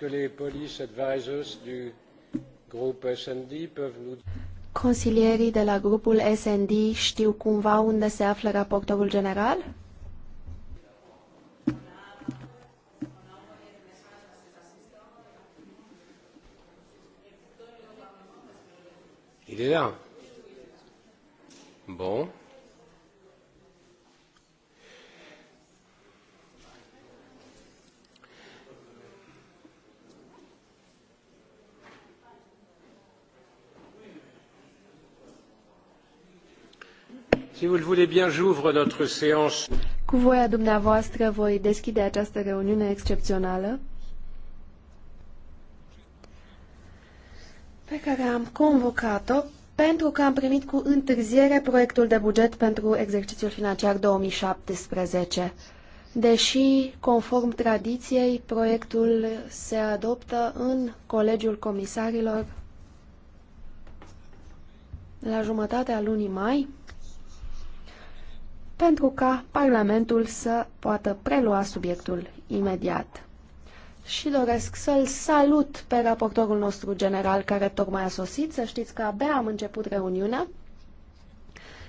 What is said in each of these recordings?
que les police advisors du groupe S&D peuvent nous... Consilierii de la grupul S&D știu cumva unde se află raportorul general? Cu voia dumneavoastră voi deschide această reuniune excepțională pe care am convocat-o pentru că am primit cu întârziere proiectul de buget pentru exercițiul financiar 2017. Deși, conform tradiției, proiectul se adoptă în Colegiul Comisarilor la jumătatea lunii mai, pentru ca Parlamentul să poată prelua subiectul imediat. Și doresc să-l salut pe raportorul nostru general care tocmai a sosit. Să știți că abia am început reuniunea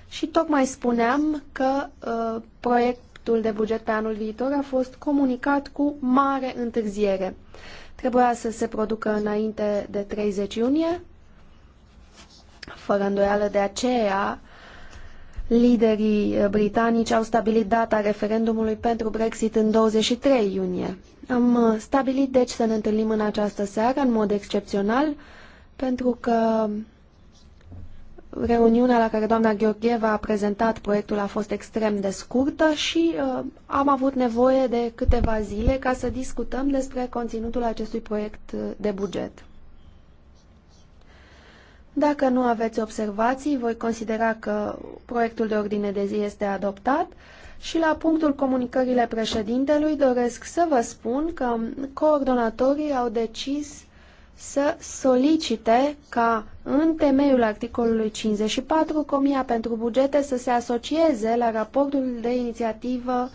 și tocmai spuneam că uh, proiectul de buget pe anul viitor a fost comunicat cu mare întârziere. Trebuia să se producă înainte de 30 iunie. Fără îndoială de aceea, Liderii uh, britanici au stabilit data referendumului pentru Brexit în 23 iunie. Am uh, stabilit deci să ne întâlnim în această seară, în mod excepțional, pentru că reuniunea la care doamna Gheorgheva a prezentat proiectul a fost extrem de scurtă și uh, am avut nevoie de câteva zile ca să discutăm despre conținutul acestui proiect uh, de buget. Dacă nu aveți observații, voi considera că proiectul de ordine de zi este adoptat și la punctul comunicările președintelui doresc să vă spun că coordonatorii au decis să solicite ca în temeiul articolului 54 Comia pentru bugete să se asocieze la raportul de inițiativă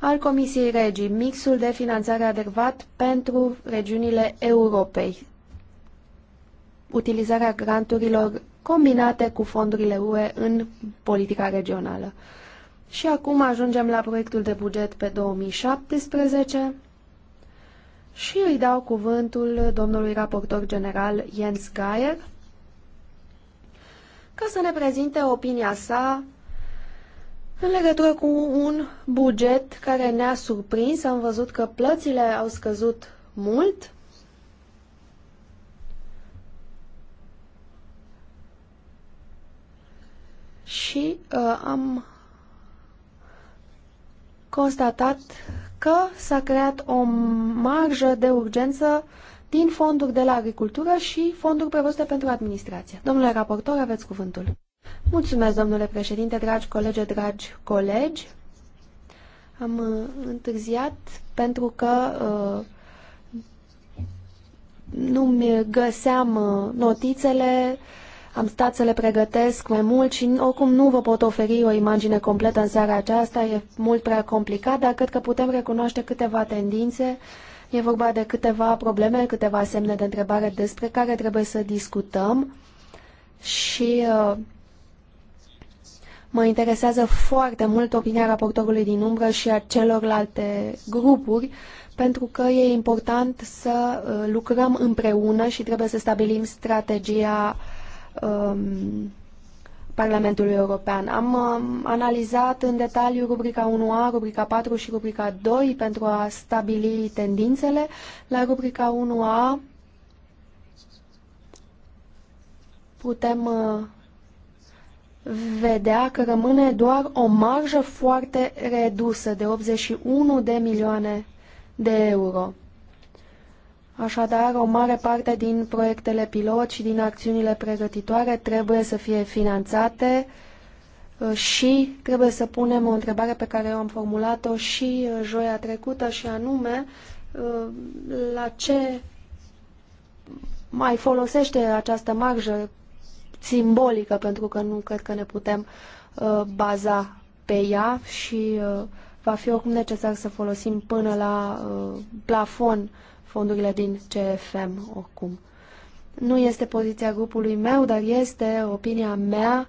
al Comisiei Regii, mixul de finanțare adecvat pentru regiunile Europei utilizarea granturilor combinate cu fondurile UE în politica regională. Și acum ajungem la proiectul de buget pe 2017 și îi dau cuvântul domnului raportor general Jens Geier ca să ne prezinte opinia sa în legătură cu un buget care ne-a surprins. Am văzut că plățile au scăzut mult și uh, am constatat că s-a creat o marjă de urgență din fonduri de la agricultură și fonduri prevăzute pentru administrație. Domnule raportor, aveți cuvântul. Mulțumesc, domnule președinte, dragi colegi, dragi colegi. Am uh, întârziat pentru că uh, nu-mi găseam uh, notițele uh, am stat să le pregătesc mai mult și oricum nu vă pot oferi o imagine completă în seara aceasta, e mult prea complicat, dar cred că putem recunoaște câteva tendințe. E vorba de câteva probleme, câteva semne de întrebare despre care trebuie să discutăm și uh, mă interesează foarte mult opinia raportorului din umbră și a celorlalte grupuri, pentru că e important să uh, lucrăm împreună și trebuie să stabilim strategia uh, um, Parlamentului European. Am um, analizat în detaliu rubrica 1A, rubrica 4 și rubrica 2 pentru a stabili tendințele. La rubrica 1A putem uh, vedea că rămâne doar o marjă foarte redusă de 81 de milioane de euro. Așadar, o mare parte din proiectele pilot și din acțiunile pregătitoare trebuie să fie finanțate uh, și trebuie să punem o întrebare pe care eu am formulat-o și uh, joia trecută și anume uh, la ce mai folosește această marjă simbolică pentru că nu cred că ne putem baza pe ea și va fi oricum necesar să folosim până la plafon fondurile din CFM oricum. Nu este poziția grupului meu, dar este opinia mea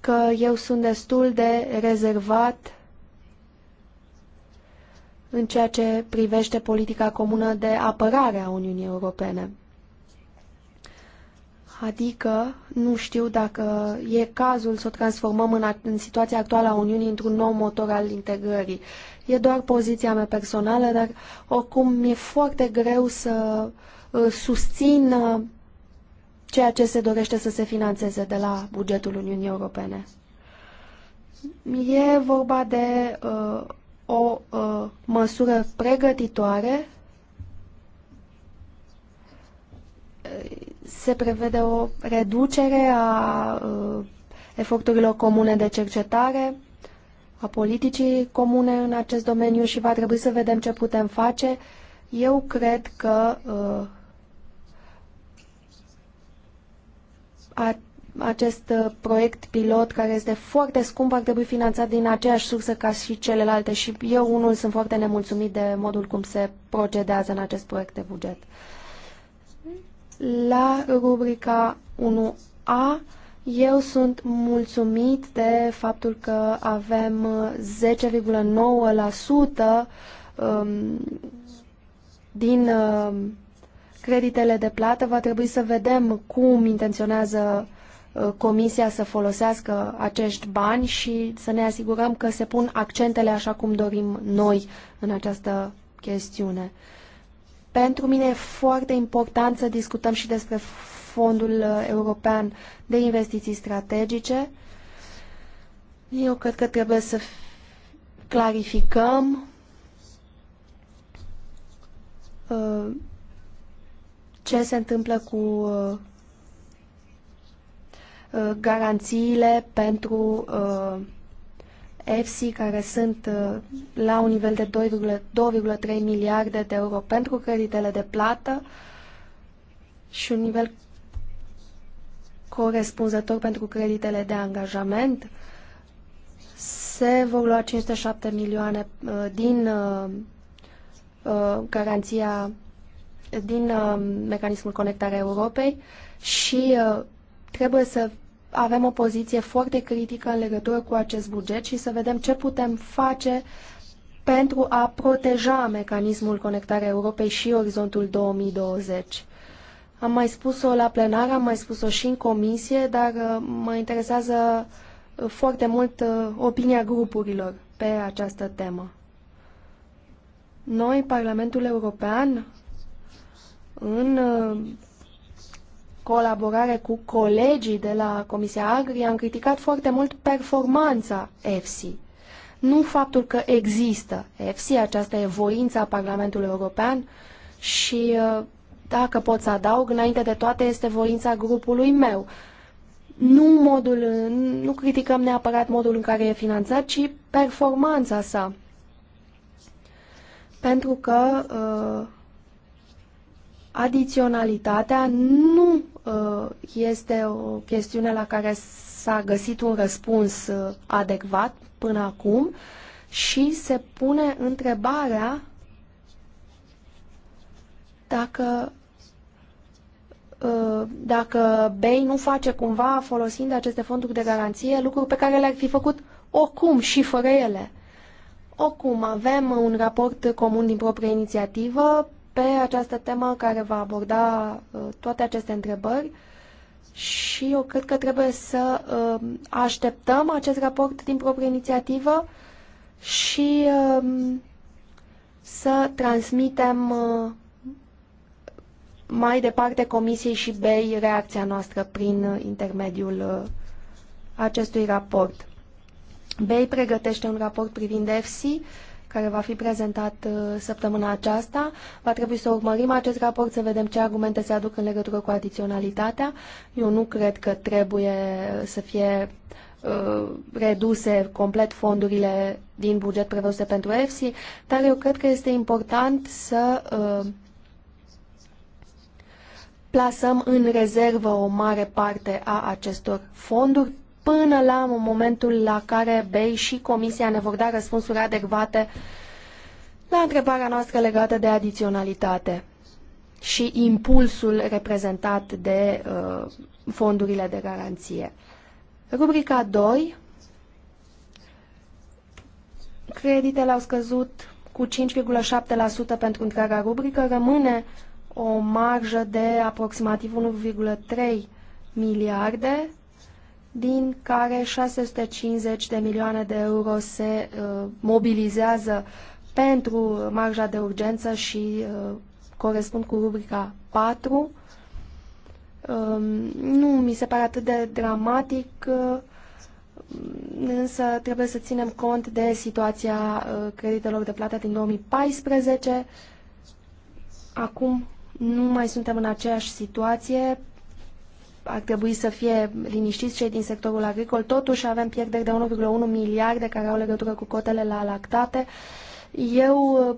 că eu sunt destul de rezervat în ceea ce privește politica comună de apărare a Uniunii Europene. Adică nu știu dacă e cazul să o transformăm în, în situația actuală a Uniunii într-un nou motor al integrării. E doar poziția mea personală, dar oricum mi-e foarte greu să uh, susțin uh, ceea ce se dorește să se financeze de la bugetul Uniunii Europene. E vorba de uh, o uh, măsură pregătitoare. Se prevede o reducere a uh, eforturilor comune de cercetare a politicii comune în acest domeniu și va trebui să vedem ce putem face. Eu cred că uh, a, acest uh, proiect pilot, care este foarte scump, ar trebui finanțat din aceeași sursă ca și celelalte și eu unul sunt foarte nemulțumit de modul cum se procedează în acest proiect de buget. La rubrica 1A eu sunt mulțumit de faptul că avem 10,9% uh, um, din uh, creditele de plată. Va trebui să vedem cum intenționează uh, Comisia să folosească acești bani și să ne asigurăm că se pun accentele așa cum dorim noi în această chestiune. Pentru mine e foarte important să discutăm și despre Fondul uh, European de Investiții Strategice. Eu cred că trebuie să clarificăm uh, ce se întâmplă cu uh, garanțiile pentru EFSI, care sunt la un nivel de 2,3 miliarde de euro pentru creditele de plată și un nivel corespunzător pentru creditele de angajament. Se vor lua 507 milioane uh, din uh, uh, garanția din mecanismul conectare Europei și trebuie să avem o poziție foarte critică în legătură cu acest buget și să vedem ce putem face pentru a proteja mecanismul conectare Europei și orizontul 2020. Am mai spus-o la plenar, am mai spus-o și în comisie, dar uh, mă interesează uh, foarte mult uh, opinia grupurilor pe această temă. Noi, Parlamentul European, în colaborare cu colegii de la Comisia Agri, am criticat foarte mult performanța EFSI. Nu faptul că există EFSI, aceasta e voința Parlamentului European și dacă pot să adaug, înainte de toate este voința grupului meu. Nu, modul, nu criticăm neapărat modul în care e finanțat, ci performanța sa. Pentru că uh, adiționalitatea nu uh, este o chestiune la care s-a găsit un răspuns uh, adecvat până acum și se pune întrebarea dacă ă, dacă BEI nu face cumva folosind aceste fonduri de garanție lucruri pe care le-ar fi făcut oricum și fără ele. Oricum, avem un raport comun din proprie inițiativă pe această temă care va aborda ă, toate aceste întrebări și eu cred că trebuie să ă, așteptăm acest raport din proprie inițiativă și să transmitem mai departe Comisiei și BEI reacția noastră prin intermediul uh, acestui raport. BEI pregătește un raport privind EFSI, care va fi prezentat uh, săptămâna aceasta. Va trebui să urmărim acest raport, să vedem ce argumente se aduc în legătură cu adiționalitatea. Eu nu cred că trebuie să fie uh, reduse complet fondurile din buget prevăzute pentru EFSI, dar eu cred că este important să uh, plasăm în rezervă o mare parte a acestor fonduri până la momentul la care BEI și Comisia ne vor da răspunsuri adecvate la întrebarea noastră legată de adiționalitate și impulsul reprezentat de uh, fondurile de garanție. Rubrica 2. Creditele au scăzut cu 5,7% pentru întreaga rubrică. Rămâne o marjă de aproximativ 1,3 miliarde, din care 650 de milioane de euro se uh, mobilizează pentru marja de urgență și uh, corespund cu rubrica 4. Uh, um, nu mi se pare atât de dramatic, uh, însă trebuie să ținem cont de situația uh, creditelor de plată din 2014. Acum nu mai suntem în aceeași situație. Ar trebui să fie liniștiți cei din sectorul agricol. Totuși avem pierderi de 1,1 miliarde care au legătură cu cotele la lactate. Eu uh,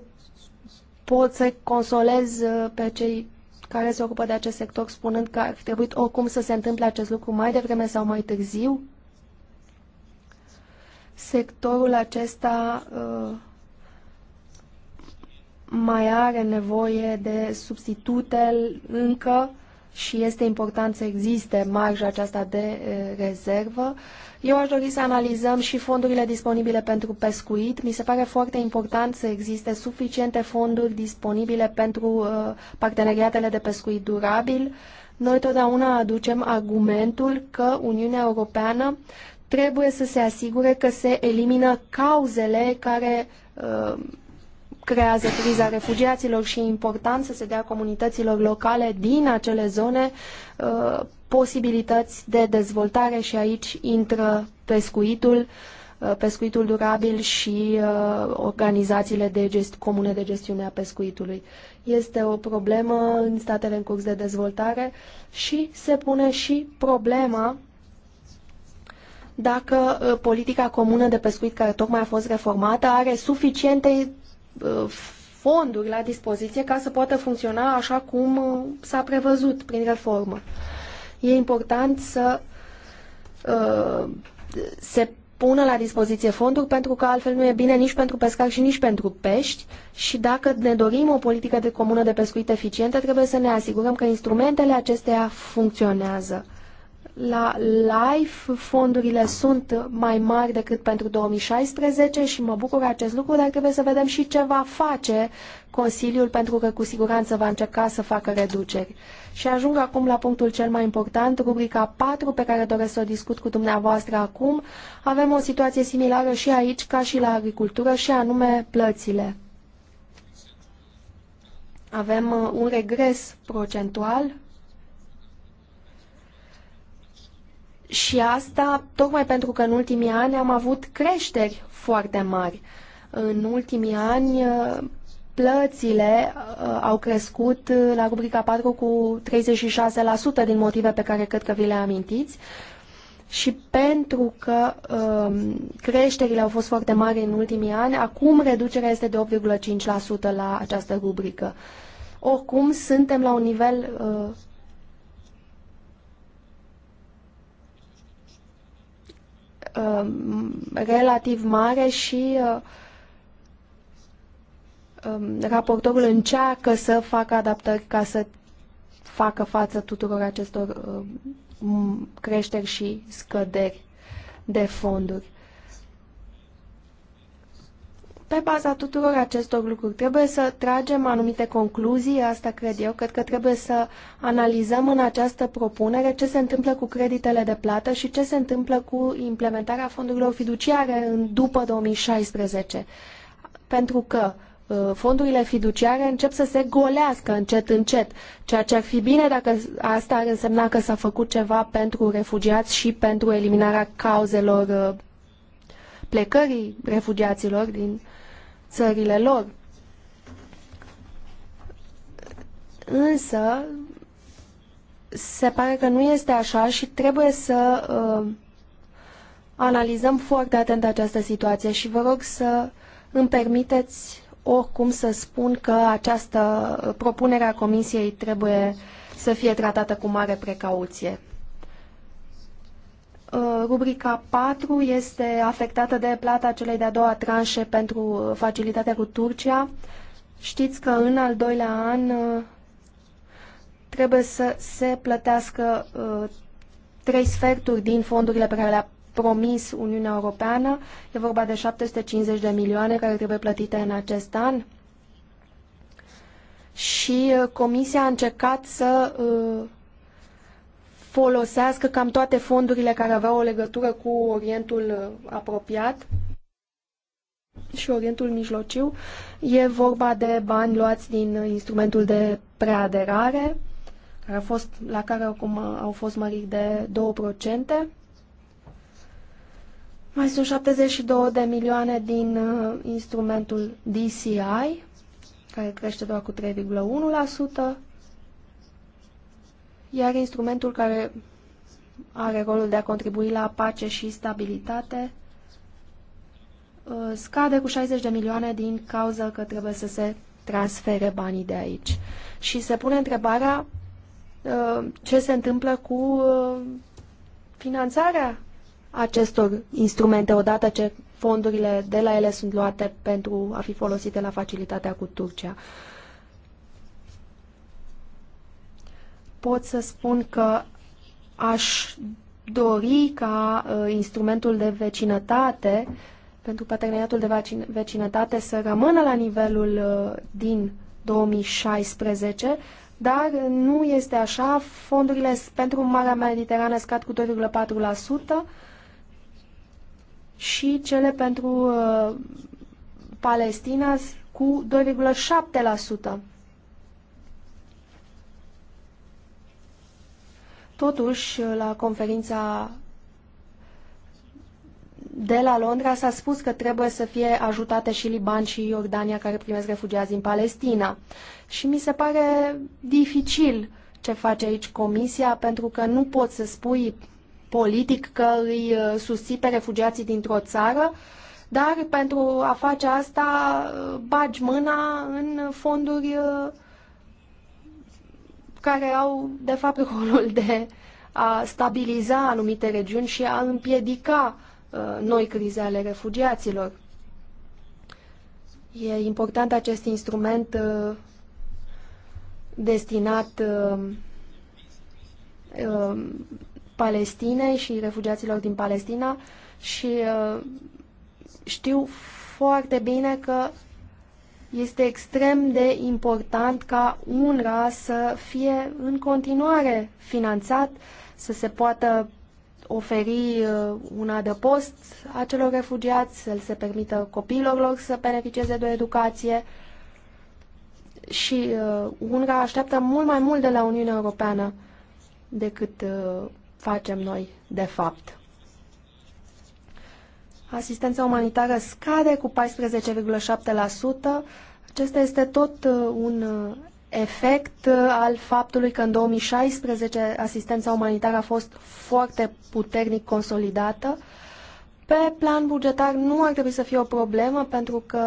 pot să consolez uh, pe cei care se ocupă de acest sector spunând că ar trebui oricum să se întâmple acest lucru mai devreme sau mai târziu. Sectorul acesta uh, mai are nevoie de substitute încă și este important să existe marja aceasta de eh, rezervă. Eu aș dori să analizăm și fondurile disponibile pentru pescuit. Mi se pare foarte important să existe suficiente fonduri disponibile pentru eh, parteneriatele de pescuit durabil. Noi totdeauna aducem argumentul că Uniunea Europeană trebuie să se asigure că se elimină cauzele care eh, creează criza refugiaților și e important să se dea comunităților locale din acele zone uh, posibilități de dezvoltare și aici intră pescuitul, uh, pescuitul durabil și uh, organizațiile de gest, comune de gestiune a pescuitului. Este o problemă în statele în curs de dezvoltare și se pune și problema dacă uh, politica comună de pescuit care tocmai a fost reformată are suficiente Uh, fonduri la dispoziție ca să poată funcționa așa cum uh, s-a prevăzut prin reformă. E important să uh, se pună la dispoziție fonduri pentru că altfel nu e bine nici pentru pescari și nici pentru pești și dacă ne dorim o politică de comună de pescuit eficientă, trebuie să ne asigurăm că instrumentele acestea funcționează. La LIFE fondurile sunt mai mari decât pentru 2016 și mă bucur acest lucru, dar trebuie să vedem și ce va face Consiliul, pentru că cu siguranță va încerca să facă reduceri. Și ajung acum la punctul cel mai important, rubrica 4, pe care doresc să o discut cu dumneavoastră acum. Avem o situație similară și aici, ca și la agricultură, și anume plățile. Avem uh, un regres procentual Și asta tocmai pentru că în ultimii ani am avut creșteri foarte mari. În ultimii ani uh, plățile uh, au crescut uh, la rubrica 4 cu 36% din motive pe care cred că vi le amintiți și pentru că um, creșterile au fost foarte mari în ultimii ani, acum reducerea este de 8,5% la această rubrică. Oricum, suntem la un nivel uh, Uh, relativ mare și uh, um, raportorul încearcă să facă adaptări ca să facă față tuturor acestor uh, creșteri și scăderi de fonduri. Pe baza tuturor acestor lucruri trebuie să tragem anumite concluzii, asta cred eu, cred că trebuie să analizăm în această propunere ce se întâmplă cu creditele de plată și ce se întâmplă cu implementarea fondurilor fiduciare în, după 2016. Pentru că uh, fondurile fiduciare încep să se golească încet, încet, ceea ce ar fi bine dacă asta ar însemna că s-a făcut ceva pentru refugiați și pentru eliminarea cauzelor uh, plecării refugiaților din țările lor. Însă, se pare că nu este așa și trebuie să uh, analizăm foarte atent această situație și vă rog să îmi permiteți oricum să spun că această propunere a Comisiei trebuie să fie tratată cu mare precauție. Uh, rubrica 4 este afectată de plata celei de-a doua tranșe pentru uh, facilitatea cu Turcia. Știți că în al doilea an uh, trebuie să se plătească trei sferturi din fondurile pe care le-a promis Uniunea Europeană. E vorba de 750 de milioane care trebuie plătite în acest an. Și Comisia a încercat să uh, folosească cam toate fondurile care aveau o legătură cu Orientul uh, apropiat și Orientul Mijlociu. E vorba de bani luați din instrumentul de preaderare, care a fost, la care acum au fost măriri de 2%. Mai sunt 72 de milioane din uh, instrumentul DCI, care crește doar cu 3,1% iar instrumentul care are rolul de a contribui la pace și stabilitate uh, scade cu 60 de milioane din cauza că trebuie să se transfere banii de aici. Și se pune întrebarea uh, ce se întâmplă cu uh, finanțarea acestor instrumente odată ce fondurile de la ele sunt luate pentru a fi folosite la facilitatea cu Turcia. pot să spun că aș dori ca uh, instrumentul de vecinătate pentru parteneriatul de vecinătate să rămână la nivelul uh, din 2016, dar nu este așa. Fondurile pentru Marea Mediterană scad cu 2,4% și cele pentru uh, Palestina cu 2,7%. Totuși, la conferința de la Londra s-a spus că trebuie să fie ajutate și Liban și Iordania care primesc refugiați din Palestina. Și mi se pare dificil ce face aici Comisia, pentru că nu poți să spui politic că îi uh, susții pe refugiații dintr-o țară, dar pentru a face asta uh, bagi mâna în fonduri uh, care au, de fapt, rolul de a stabiliza anumite regiuni și a împiedica uh, noi crize ale refugiaților. E important acest instrument uh, destinat uh, uh Palestinei și refugiaților din Palestina și uh, știu foarte bine că este extrem de important ca UNRWA să fie în continuare finanțat, să se poată oferi uh, un adăpost acelor refugiați, să se permită copiilor lor să beneficieze de o educație și uh, UNRWA așteaptă mult mai mult de la Uniunea Europeană decât uh, facem noi de fapt. Asistența umanitară scade cu 14,7%. Acesta este tot uh, un uh, efect uh, al faptului că în 2016 asistența umanitară a fost foarte puternic consolidată. Pe plan bugetar nu ar trebui să fie o problemă pentru că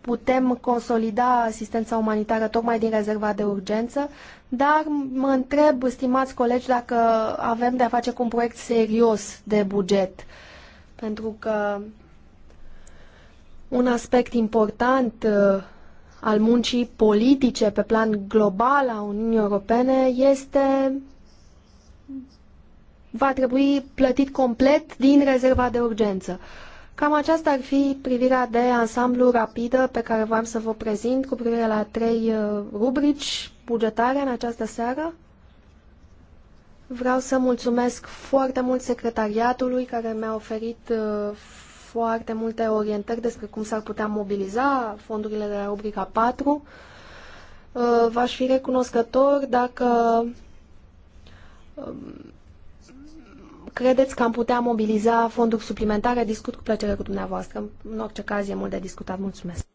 putem consolida asistența umanitară tocmai din rezerva de urgență, dar mă întreb, stimați colegi, dacă avem de a face cu un proiect serios de buget. Uh, pentru că un aspect important uh, al muncii politice pe plan global a Uniunii Europene este va trebui plătit complet din rezerva de urgență. Cam aceasta ar fi privirea de ansamblu rapidă pe care v-am să vă prezint cu privire la trei uh, rubrici bugetare în această seară. Vreau să mulțumesc foarte mult secretariatului care mi-a oferit uh, foarte multe orientări despre cum s-ar putea mobiliza fondurile de la rubrica 4. Uh, v-aș fi recunoscător dacă um, credeți că am putea mobiliza fonduri suplimentare. Discut cu plăcere cu dumneavoastră. În orice caz e mult de discutat. Mulțumesc.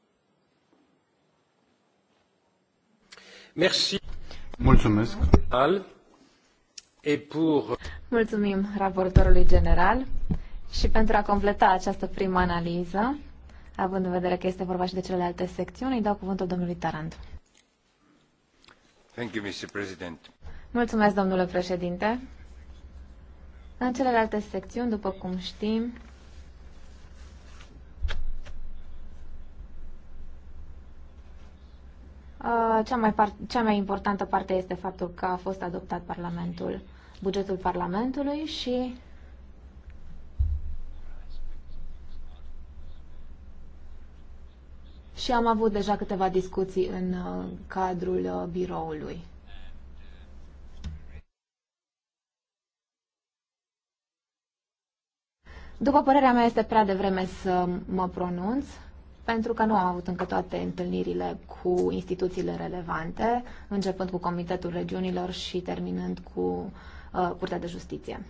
Merci. Mulțumesc. Al. Mulțumim raportorului general și pentru a completa această primă analiză, având în vedere că este vorba și de celelalte secțiuni, îi dau cuvântul domnului Tarand. Thank you, Mr. President. Mulțumesc, domnule președinte. În celelalte secțiuni, după cum știm, Uh, cea mai, part- cea mai importantă parte este faptul că a fost adoptat Parlamentul, bugetul Parlamentului și și am avut deja câteva discuții în uh, cadrul uh, biroului. După părerea mea, este prea devreme să mă pronunț pentru că nu am avut încă toate întâlnirile cu instituțiile relevante, începând cu Comitetul Regiunilor și terminând cu uh, Curtea de Justiție.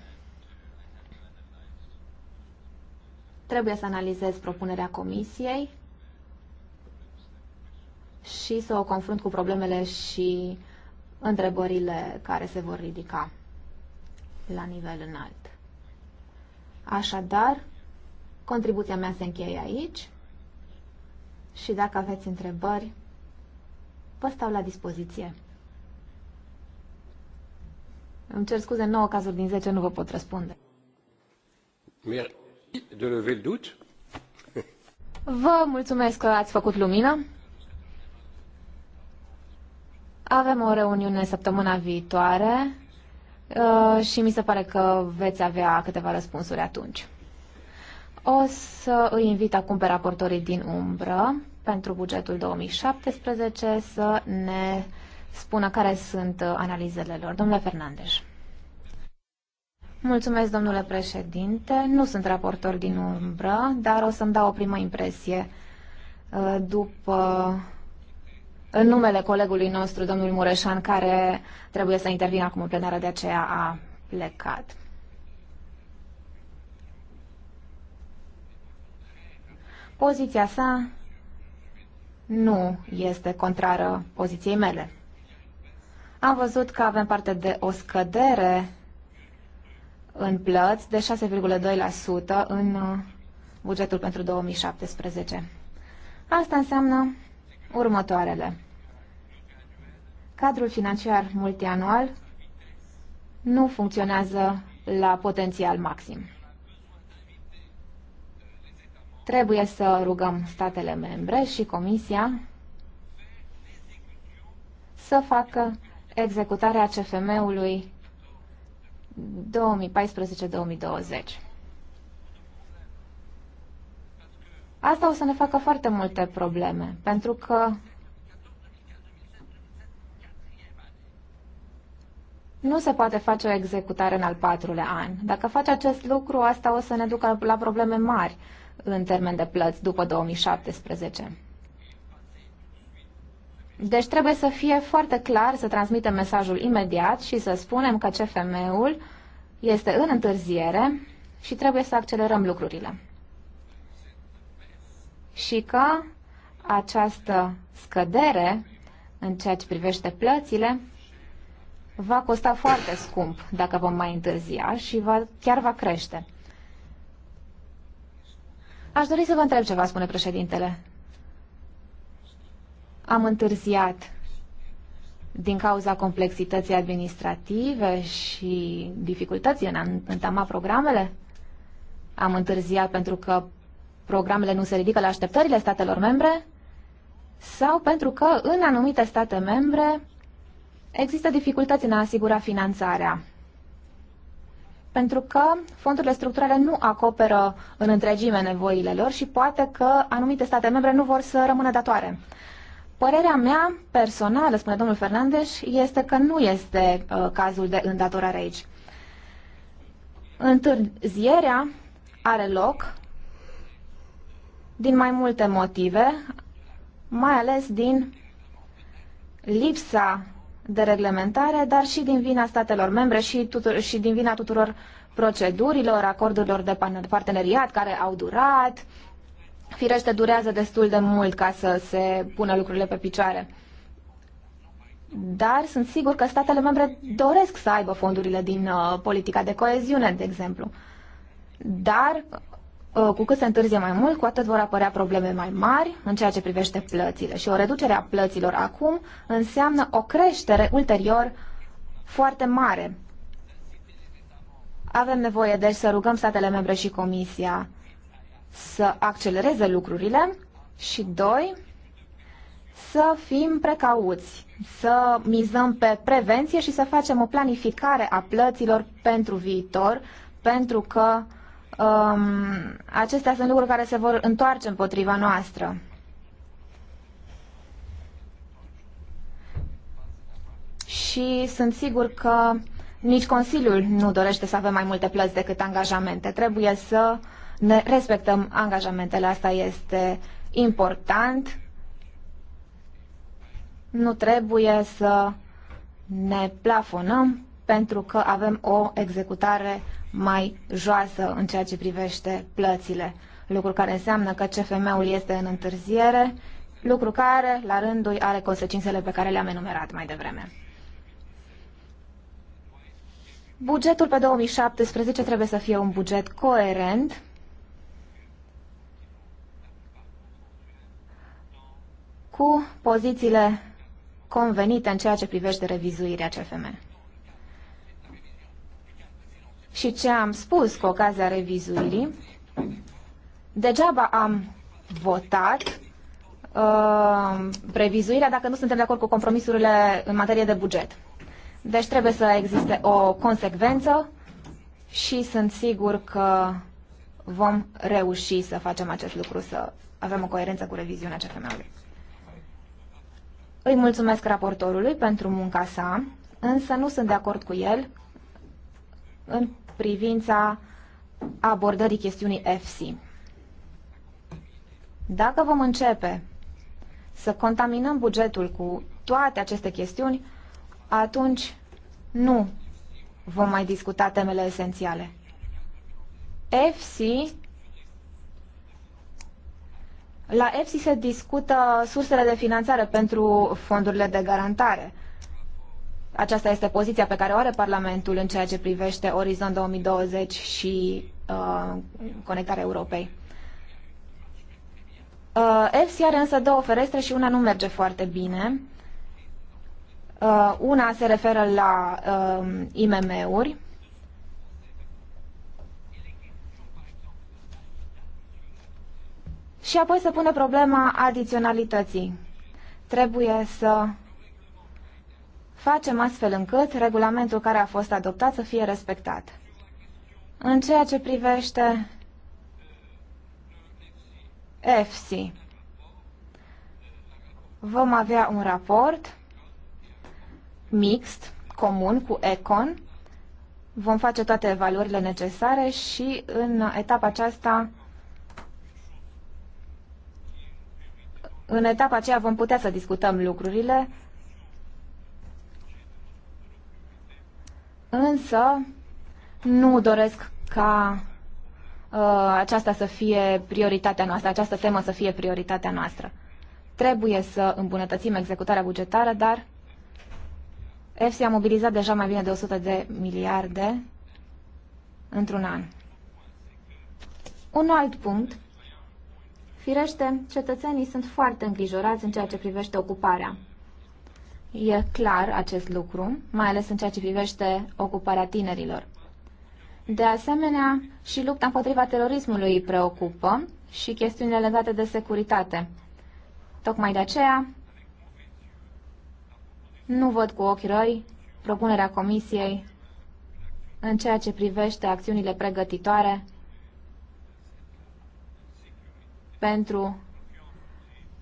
Trebuie să analizez propunerea Comisiei și să o confrunt cu problemele și întrebările care se vor ridica la nivel înalt. Așadar, contribuția mea se încheie aici și dacă aveți întrebări, vă stau la dispoziție. Îmi cer scuze, 9 cazuri din 10 nu vă pot răspunde. De lever doute. Vă mulțumesc că ați făcut lumină. Avem o reuniune săptămâna viitoare uh, și mi se pare că veți avea câteva răspunsuri atunci. O să îi invit acum pe raportorii din umbră pentru bugetul 2017 să ne spună care sunt analizele lor. Domnule Fernandez. Mulțumesc, domnule președinte. Nu sunt raportor din umbră, dar o să-mi dau o primă impresie uh, după în numele colegului nostru, domnul Mureșan, care trebuie să intervină acum în plenară, de aceea a plecat. Poziția sa nu este contrară poziției mele. Am văzut că avem parte de o scădere în plăți de 6,2% în uh, bugetul pentru 2017. Asta înseamnă următoarele. Cadrul financiar multianual nu funcționează la potențial maxim. Trebuie să rugăm statele membre și Comisia să facă executarea CFM-ului 2014-2020. Asta o să ne facă foarte multe probleme, pentru că nu se poate face o executare în al patrulea an. Dacă faci acest lucru, asta o să ne ducă la probleme mari în termen de plăți după 2017. Deci trebuie să fie foarte clar, să transmitem mesajul imediat și să spunem că CFM-ul este în întârziere și trebuie să accelerăm lucrurile. Și că această scădere în ceea ce privește plățile va costa foarte scump dacă vom mai întârzia și va, chiar va crește. Aș dori să vă întreb ceva, spune președintele. Am întârziat din cauza complexității administrative și dificultății în a întama programele? Am întârziat pentru că programele nu se ridică la așteptările statelor membre? Sau pentru că în anumite state membre există dificultăți în a asigura finanțarea? pentru că fondurile structurale nu acoperă în întregime nevoile lor și poate că anumite state membre nu vor să rămână datoare. Părerea mea personală, spune domnul Fernandes, este că nu este uh, cazul de îndatorare aici. Întârzierea are loc din mai multe motive, mai ales din lipsa de reglementare, dar și din vina statelor membre și, tutur, și din vina tuturor procedurilor, acordurilor de parteneriat care au durat. Firește, durează destul de mult ca să se pună lucrurile pe picioare. Dar sunt sigur că statele membre doresc să aibă fondurile din uh, politica de coeziune, de exemplu. Dar Uh, cu cât se întârzie mai mult, cu atât vor apărea probleme mai mari în ceea ce privește plățile. Și o reducere a plăților acum înseamnă o creștere ulterior foarte mare. Avem nevoie, deci, să rugăm statele membre și Comisia să accelereze lucrurile și, doi, să fim precauți, să mizăm pe prevenție și să facem o planificare a plăților pentru viitor, pentru că Um, acestea sunt lucruri care se vor întoarce împotriva noastră. Și sunt sigur că nici Consiliul nu dorește să avem mai multe plăți decât angajamente. Trebuie să ne respectăm angajamentele. Asta este important. Nu trebuie să ne plafonăm pentru că avem o executare mai joasă în ceea ce privește plățile, lucru care înseamnă că CFM-ul este în întârziere, lucru care, la rândul, are consecințele pe care le-am enumerat mai devreme. Bugetul pe 2017 trebuie să fie un buget coerent, cu pozițiile convenite în ceea ce privește revizuirea CFM și ce am spus cu ocazia revizuirii. Degeaba am votat uh, revizuirea dacă nu suntem de acord cu compromisurile în materie de buget. Deci trebuie să existe o consecvență și sunt sigur că vom reuși să facem acest lucru, să avem o coerență cu reviziunea CFM-ului. Îi mulțumesc raportorului pentru munca sa, însă nu sunt de acord cu el în privința abordării chestiunii EFSI. Dacă vom începe să contaminăm bugetul cu toate aceste chestiuni, atunci nu vom mai discuta temele esențiale. EFSI la EFSI se discută sursele de finanțare pentru fondurile de garantare. Aceasta este poziția pe care o are Parlamentul în ceea ce privește Orizont 2020 și uh, conectarea Europei. Uh, EFSI are însă două ferestre și una nu merge foarte bine. Uh, una se referă la uh, IMM-uri. Și apoi se pune problema adiționalității. Trebuie să Facem astfel încât regulamentul care a fost adoptat să fie respectat. În ceea ce privește FC, vom avea un raport mixt, comun cu ECON, vom face toate evaluările necesare și în etapa aceasta în etapa aceea vom putea să discutăm lucrurile Însă, nu doresc ca uh, aceasta să fie prioritatea noastră, această temă să fie prioritatea noastră. Trebuie să îmbunătățim executarea bugetară, dar EFSI a mobilizat deja mai bine de 100 de miliarde într-un an. Un alt punct. Firește, cetățenii sunt foarte îngrijorați în ceea ce privește ocuparea. E clar acest lucru, mai ales în ceea ce privește ocuparea tinerilor. De asemenea, și lupta împotriva terorismului îi preocupă și chestiunile legate de securitate. Tocmai de aceea, nu văd cu ochi răi propunerea Comisiei în ceea ce privește acțiunile pregătitoare pentru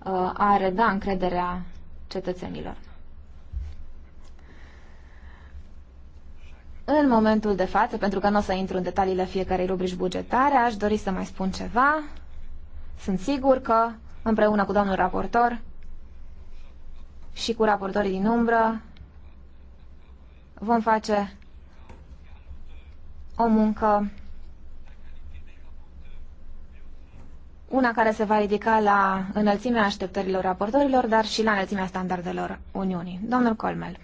uh, a reda încrederea cetățenilor. În momentul de față, pentru că nu o să intru în detaliile fiecarei rubrici bugetare, aș dori să mai spun ceva. Sunt sigur că, împreună cu domnul raportor și cu raportorii din umbră, vom face o muncă, una care se va ridica la înălțimea așteptărilor raportorilor, dar și la înălțimea standardelor Uniunii. Domnul Colmel.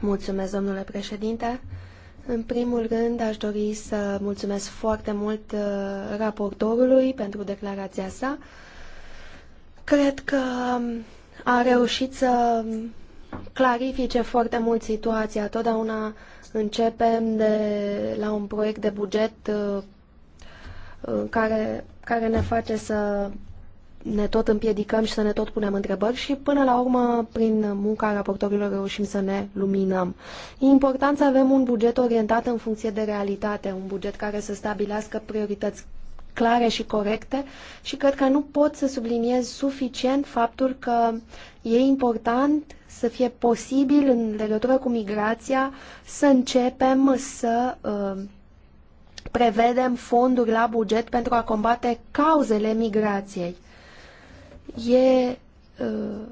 Mulțumesc, domnule președinte. În primul rând, aș dori să mulțumesc foarte mult uh, raportorului pentru declarația sa. Cred că um, a reușit să um, clarifice foarte mult situația. Totdeauna începem de la un proiect de buget uh, uh, care, care ne face să ne tot împiedicăm și să ne tot punem întrebări și până la urmă, prin munca raportorilor, reușim să ne luminăm. E important să avem un buget orientat în funcție de realitate, un buget care să stabilească priorități clare și corecte și cred că nu pot să subliniez suficient faptul că e important să fie posibil în legătură cu migrația să începem să uh, prevedem fonduri la buget pentru a combate cauzele migrației e uh,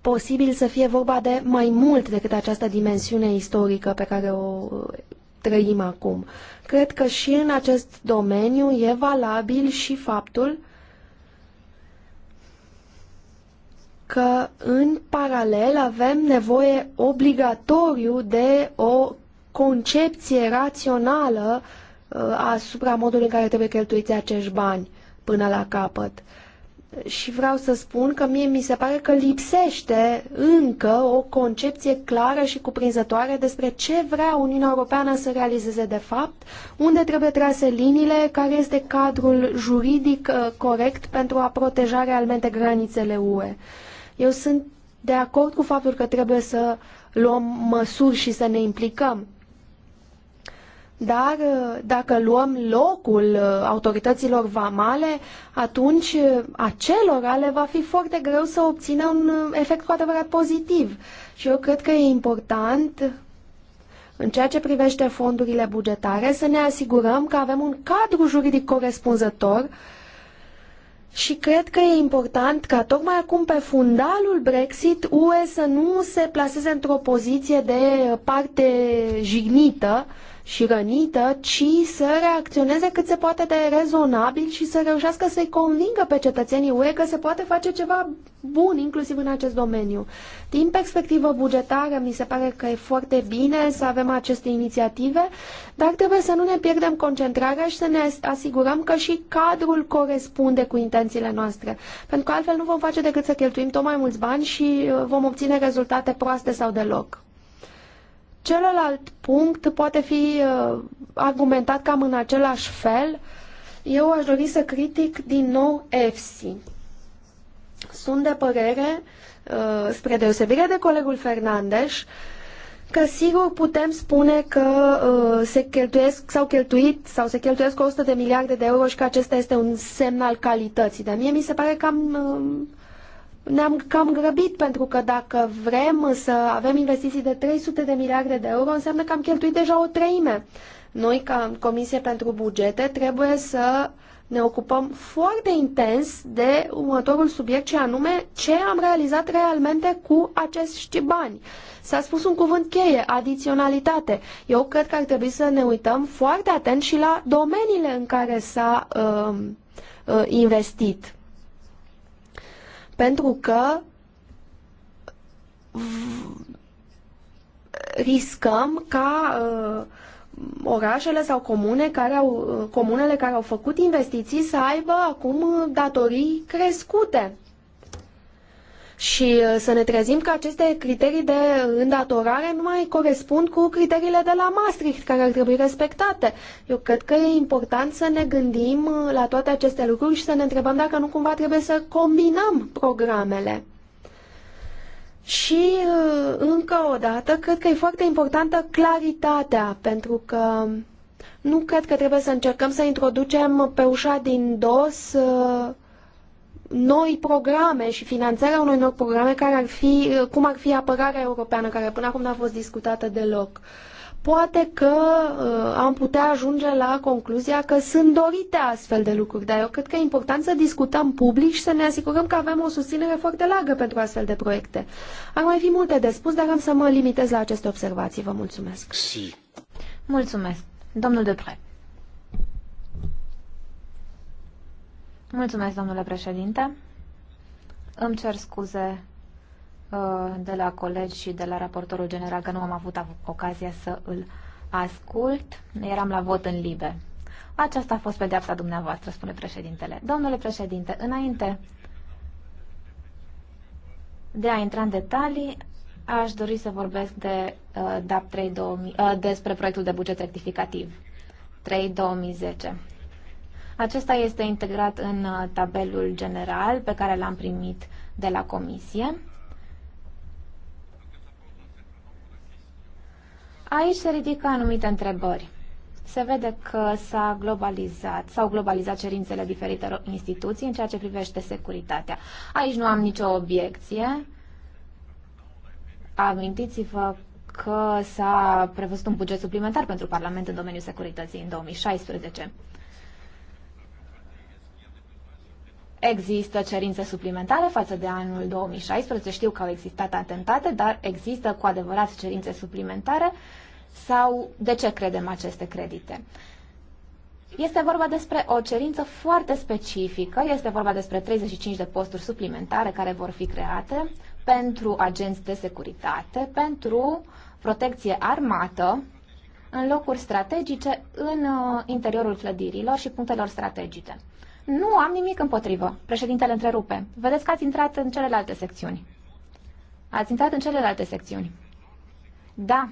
posibil să fie vorba de mai mult decât această dimensiune istorică pe care o uh, trăim acum. Cred că și în acest domeniu e valabil și faptul că în paralel avem nevoie obligatoriu de o concepție rațională uh, asupra modului în care trebuie cheltuiți acești bani până la capăt. Uh, și vreau să spun că mie mi se pare că lipsește încă o concepție clară și cuprinzătoare despre ce vrea Uniunea Europeană să realizeze de fapt, unde trebuie trase liniile, care este cadrul juridic uh, corect pentru a proteja realmente granițele UE. Eu sunt de acord cu faptul că trebuie să luăm măsuri și să ne implicăm, dar uh, dacă luăm locul uh, autorităților vamale, atunci uh, acelora le va fi foarte greu să obțină un efect cu adevărat pozitiv. Și eu cred că e important în ceea ce privește fondurile bugetare, să ne asigurăm că avem un cadru juridic corespunzător și cred că e important ca tocmai acum pe fundalul Brexit UE să nu se plaseze într-o poziție de parte jignită uh, și rănită, ci să reacționeze cât se poate de rezonabil și să reușească să-i convingă pe cetățenii UE că se poate face ceva bun, inclusiv în acest domeniu. Din perspectivă bugetară, mi se pare că e foarte bine să avem aceste inițiative, dar trebuie să nu ne pierdem concentrarea și să ne asigurăm că și cadrul corespunde cu intențiile noastre. Pentru că altfel nu vom face decât să cheltuim tot mai mulți bani și uh, vom obține rezultate proaste sau deloc. Celălalt punct poate fi uh, argumentat cam în același fel. Eu aș dori să critic din nou EFSI. Sunt de părere, uh, spre deosebire de colegul Fernandes, că sigur putem spune că uh, se cheltuiesc, s-au cheltuit sau se cheltuiesc 100 de miliarde de euro și că acesta este un semn al calității. Dar mie mi se pare cam uh, ne-am cam grăbit pentru că dacă vrem să avem investiții de 300 de miliarde de euro, înseamnă că am cheltuit deja o treime. Noi, ca Comisie pentru Bugete, trebuie să ne ocupăm foarte intens de următorul subiect ce anume ce am realizat realmente cu acești bani. S-a spus un cuvânt cheie, adiționalitate. Eu cred că ar trebui să ne uităm foarte atent și la domeniile în care s-a uh, uh, investit pentru că riscăm ca uh, orașele sau comune care au, uh, comunele care au făcut investiții să aibă acum uh, datorii crescute și uh, să ne trezim că aceste criterii de îndatorare nu mai corespund cu criteriile de la Maastricht, care ar trebui respectate. Eu cred că e important să ne gândim uh, la toate aceste lucruri și să ne întrebăm dacă nu cumva trebuie să combinăm programele. Și uh, încă o dată, cred că e foarte importantă claritatea, pentru că nu cred că trebuie să încercăm să introducem pe ușa din dos uh, noi programe și finanțarea unor noi programe care ar fi, cum ar fi apărarea europeană, care până acum n-a fost discutată deloc. Poate că uh, am putea ajunge la concluzia că sunt dorite astfel de lucruri, dar eu cred că e important să discutăm public și să ne asigurăm că avem o susținere foarte largă pentru astfel de proiecte. Ar mai fi multe de spus, dar am să mă limitez la aceste observații. Vă mulțumesc. Si. Mulțumesc. Domnul Depre. Mulțumesc, domnule președinte. Îmi cer scuze uh, de la colegi și de la raportorul general că nu am avut ocazia să îl ascult. Eram la vot în libe. Aceasta a fost pedeapsa dumneavoastră, spune președintele. Domnule președinte, înainte de a intra în detalii, aș dori să vorbesc de uh, DAP 3 2000, uh, despre proiectul de buget rectificativ 3 2010. Acesta este integrat în uh, tabelul general pe care l-am primit de la comisie. Aici se ridică anumite întrebări. Se vede că s-a globalizat, globalizat cerințele diferitelor instituții în ceea ce privește securitatea. Aici nu am nicio obiecție. Amintiți-vă că s-a prevăzut un buget suplimentar pentru Parlament în domeniul securității în 2016. Există cerințe suplimentare față de anul 2016, știu că au existat atentate, dar există cu adevărat cerințe suplimentare sau de ce credem aceste credite? Este vorba despre o cerință foarte specifică, este vorba despre 35 de posturi suplimentare care vor fi create pentru agenți de securitate, pentru protecție armată, în locuri strategice, în uh, interiorul clădirilor și punctelor strategice. Nu, am nimic împotrivă. Președintele întrerupe. Vedeți că ați intrat în celelalte secțiuni. Ați intrat în celelalte secțiuni. Da.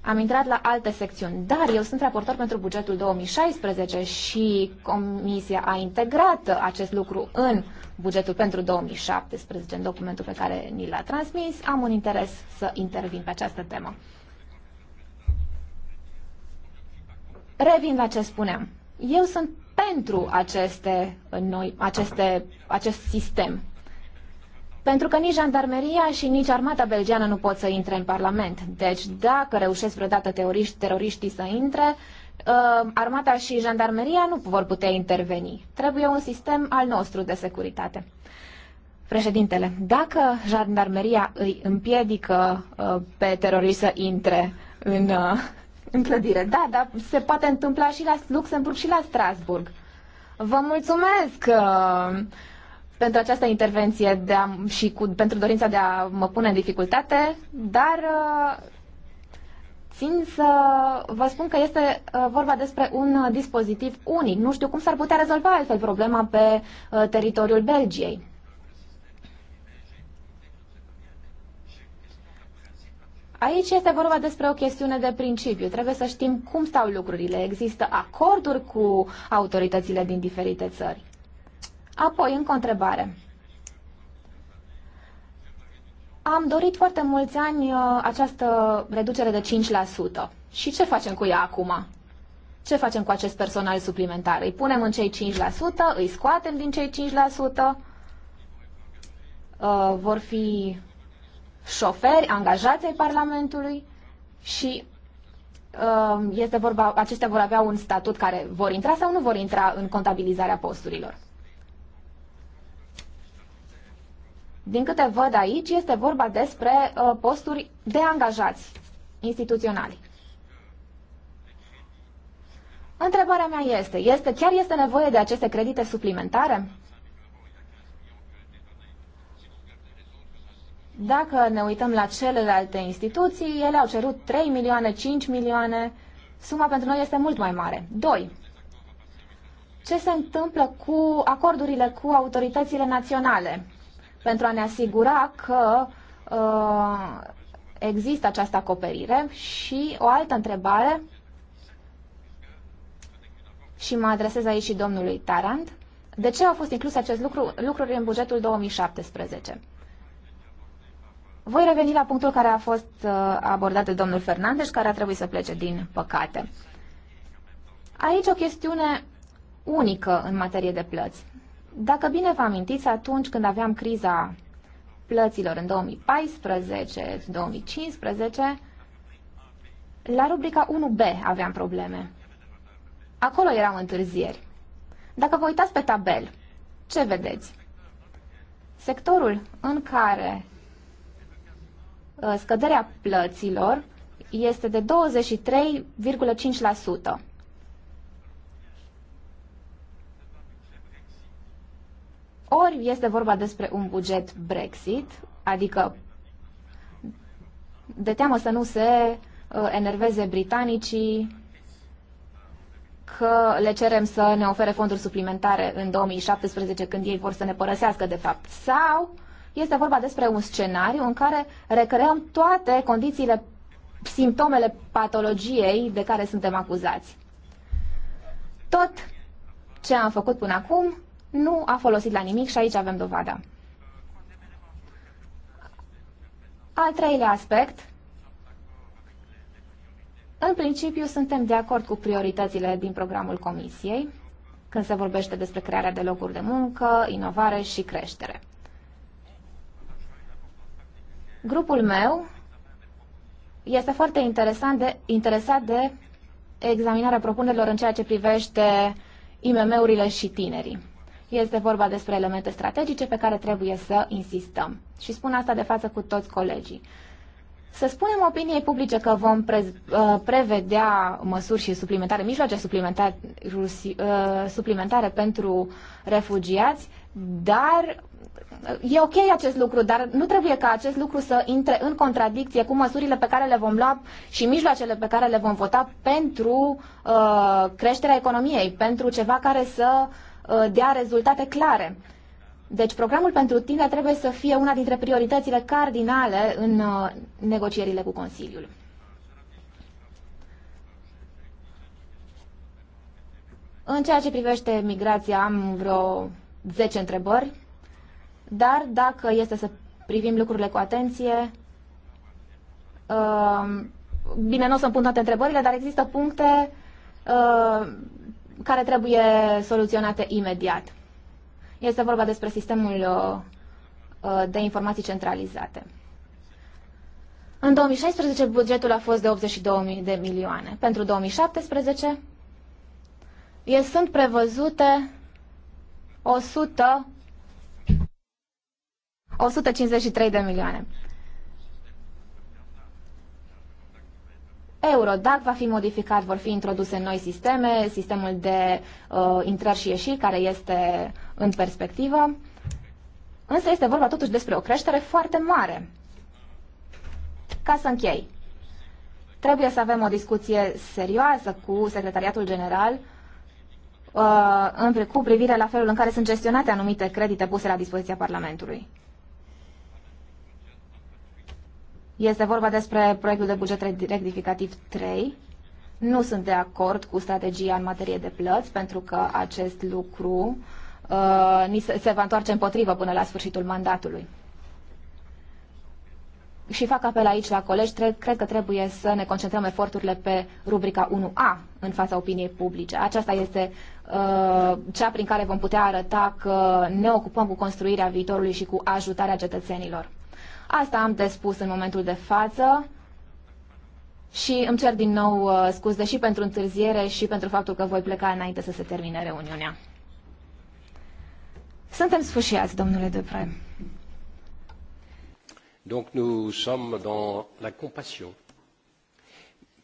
Am intrat la alte secțiuni, dar eu sunt raportor pentru bugetul 2016 și Comisia a integrat acest lucru în bugetul pentru 2017, în documentul pe care ni l-a transmis. Am un interes să intervin pe această temă. Revin la ce spuneam. Eu sunt pentru aceste, noi, aceste, acest sistem. Pentru că nici jandarmeria și nici armata belgeană nu pot să intre în Parlament. Deci dacă reușesc vreodată teoriști, teroriștii să intre, uh, armata și jandarmeria nu vor putea interveni. Trebuie un sistem al nostru de securitate. Președintele, dacă jandarmeria îi împiedică uh, pe teroriști să intre în, uh, în clădire. Da, dar se poate întâmpla și la Luxemburg și la Strasburg. Vă mulțumesc uh, pentru această intervenție de a, și cu, pentru dorința de a mă pune în dificultate, dar uh, țin să vă spun că este uh, vorba despre un uh, dispozitiv unic. Nu știu cum s-ar putea rezolva altfel problema pe uh, teritoriul Belgiei. Aici este vorba despre o chestiune de principiu. Trebuie să știm cum stau lucrurile. Există acorduri cu autoritățile din diferite țări. Apoi, încă o întrebare. Am dorit foarte mulți ani uh, această reducere de 5%. Și ce facem cu ea acum? Ce facem cu acest personal suplimentar? Îi punem în cei 5%, îi scoatem din cei 5%, uh, vor fi șoferi, angajați ai Parlamentului și um, este vorba, acestea vor avea un statut care vor intra sau nu vor intra în contabilizarea posturilor. Din câte văd aici, este vorba despre uh, posturi de angajați instituționali. Întrebarea mea este, este, chiar este nevoie de aceste credite suplimentare? Dacă ne uităm la celelalte instituții, ele au cerut 3 milioane, 5 milioane. Suma pentru noi este mult mai mare. 2. Ce se întâmplă cu acordurile cu autoritățile naționale pentru a ne asigura că uh, există această acoperire? Și o altă întrebare, și mă adresez aici și domnului Tarand, de ce au fost inclus acest lucru, lucruri în bugetul 2017? Voi reveni la punctul care a fost uh, abordat de domnul Fernandez, care a trebuit să plece din păcate. Aici o chestiune unică în materie de plăți. Dacă bine vă amintiți, atunci când aveam criza plăților în 2014-2015, la rubrica 1B aveam probleme. Acolo erau întârzieri. Dacă vă uitați pe tabel, ce vedeți? Sectorul în care Uh, scăderea plăților este de 23,5%. Ori este vorba despre un buget Brexit, adică de teamă să nu se uh, enerveze britanicii că le cerem să ne ofere fonduri suplimentare în 2017 când ei vor să ne părăsească de fapt. Sau uh, este vorba despre un scenariu în care recreăm toate condițiile, simptomele patologiei de care suntem acuzați. Tot ce am făcut până acum nu a folosit la nimic și aici avem dovada. Al treilea aspect, în principiu suntem de acord cu prioritățile din programul Comisiei, când se vorbește despre crearea de locuri de muncă, inovare și creștere. Grupul meu este foarte interesant de, interesat de examinarea propunerilor în ceea ce privește IMM-urile și tinerii. Este vorba despre elemente strategice pe care trebuie să insistăm. Și spun asta de față cu toți colegii. Să spunem opiniei publice că vom pre- uh, prevedea măsuri și suplimentare, mijloace suplimentare, uh, suplimentare pentru refugiați, dar e ok acest lucru, dar nu trebuie ca acest lucru să intre în contradicție cu măsurile pe care le vom lua și mijloacele pe care le vom vota pentru uh, creșterea economiei, pentru ceva care să uh, dea rezultate clare. Deci programul pentru tine trebuie să fie una dintre prioritățile cardinale în uh, negocierile cu Consiliul. În ceea ce privește migrația, am vreo 10 întrebări. Dar dacă este să privim lucrurile cu atenție, uh, bine, nu o să-mi pun toate întrebările, dar există puncte uh, care trebuie soluționate imediat. Este vorba despre sistemul uh, de informații centralizate. În 2016 bugetul a fost de 82 de milioane. Pentru 2017 sunt prevăzute 100 153 de milioane. Euro, dacă va fi modificat, vor fi introduse noi sisteme, sistemul de uh, intrări și ieșiri care este în perspectivă, însă este vorba totuși despre o creștere foarte mare. Ca să închei, trebuie să avem o discuție serioasă cu Secretariatul General uh, cu privire la felul în care sunt gestionate anumite credite puse la dispoziția Parlamentului. Este vorba despre proiectul de buget rectificativ 3. Nu sunt de acord cu strategia în materie de plăți, pentru că acest lucru uh, se, se va întoarce împotrivă până la sfârșitul mandatului. Și fac apel aici la colegi, tre- cred că trebuie să ne concentrăm eforturile pe rubrica 1A în fața opiniei publice. Aceasta este uh, cea prin care vom putea arăta că ne ocupăm cu construirea viitorului și cu ajutarea cetățenilor. Asta am de spus în momentul de față și îmi cer din nou uh, scuze și pentru întârziere și pentru faptul că voi pleca înainte să se termine reuniunea. Suntem sfârșiați, domnule Dupre. Donc nous sommes dans la compassion.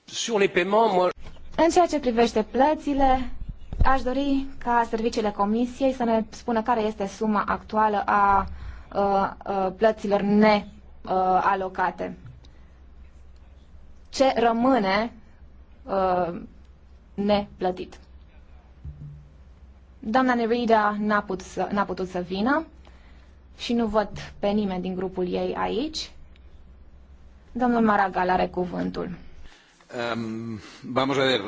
Sur les paiements, moi... În ceea ce privește plățile, aș dori ca serviciile comisiei să ne spună care este suma actuală a uh, uh, plăților ne uh, alocate. Ce rămâne uh, neplătit? Doamna Nerida n-a putut, să, n-a putut să vină și nu văd pe nimeni din grupul ei aici. Domnul Maragal are cuvântul. Um, vamos a ver,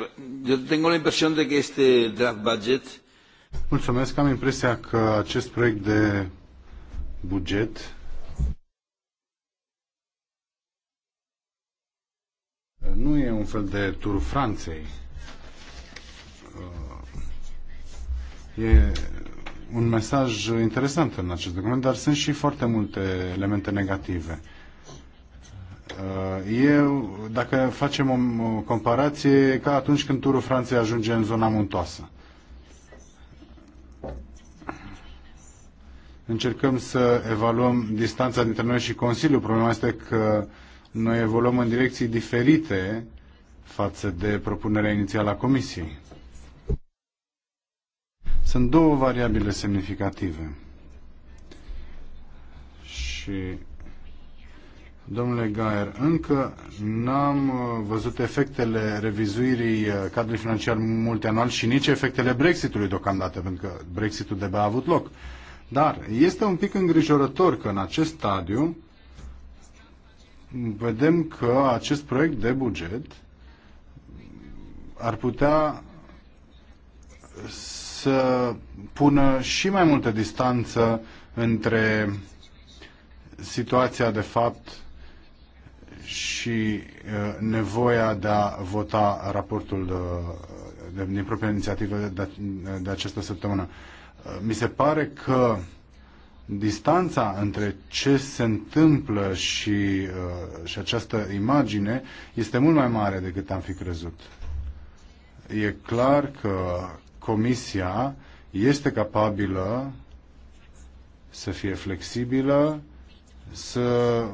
yo tengo la impresión de que este draft budget... Mulțumesc, am impresia că acest proiect de buget nu e un fel de tur Franței. Uh, e un mesaj interesant în acest document, dar sunt și foarte multe elemente negative. Uh, Eu, dacă facem o comparație, ca atunci când turul Franței ajunge în zona muntoasă. Încercăm să evaluăm distanța dintre noi și Consiliul. Problema este că uh, noi evoluăm în direcții diferite față de propunerea inițială a Comisiei. Sunt două variabile semnificative. Și, domnule Gaer, încă n-am uh, văzut efectele revizuirii uh, cadrului financiar multianual și nici efectele Brexitului deocamdată, pentru că Brexitul de a avut loc. Dar este un pic îngrijorător că în acest stadiu vedem că acest proiect de buget ar putea să pună și mai multă distanță între situația de fapt și uh, nevoia de a vota raportul de, uh, de, din propria inițiativă de, de această săptămână. Uh, mi se pare că distanța între ce se întâmplă și, uh, și această imagine este mult mai mare decât am fi crezut. E clar că Comisia este capabilă să fie flexibilă, să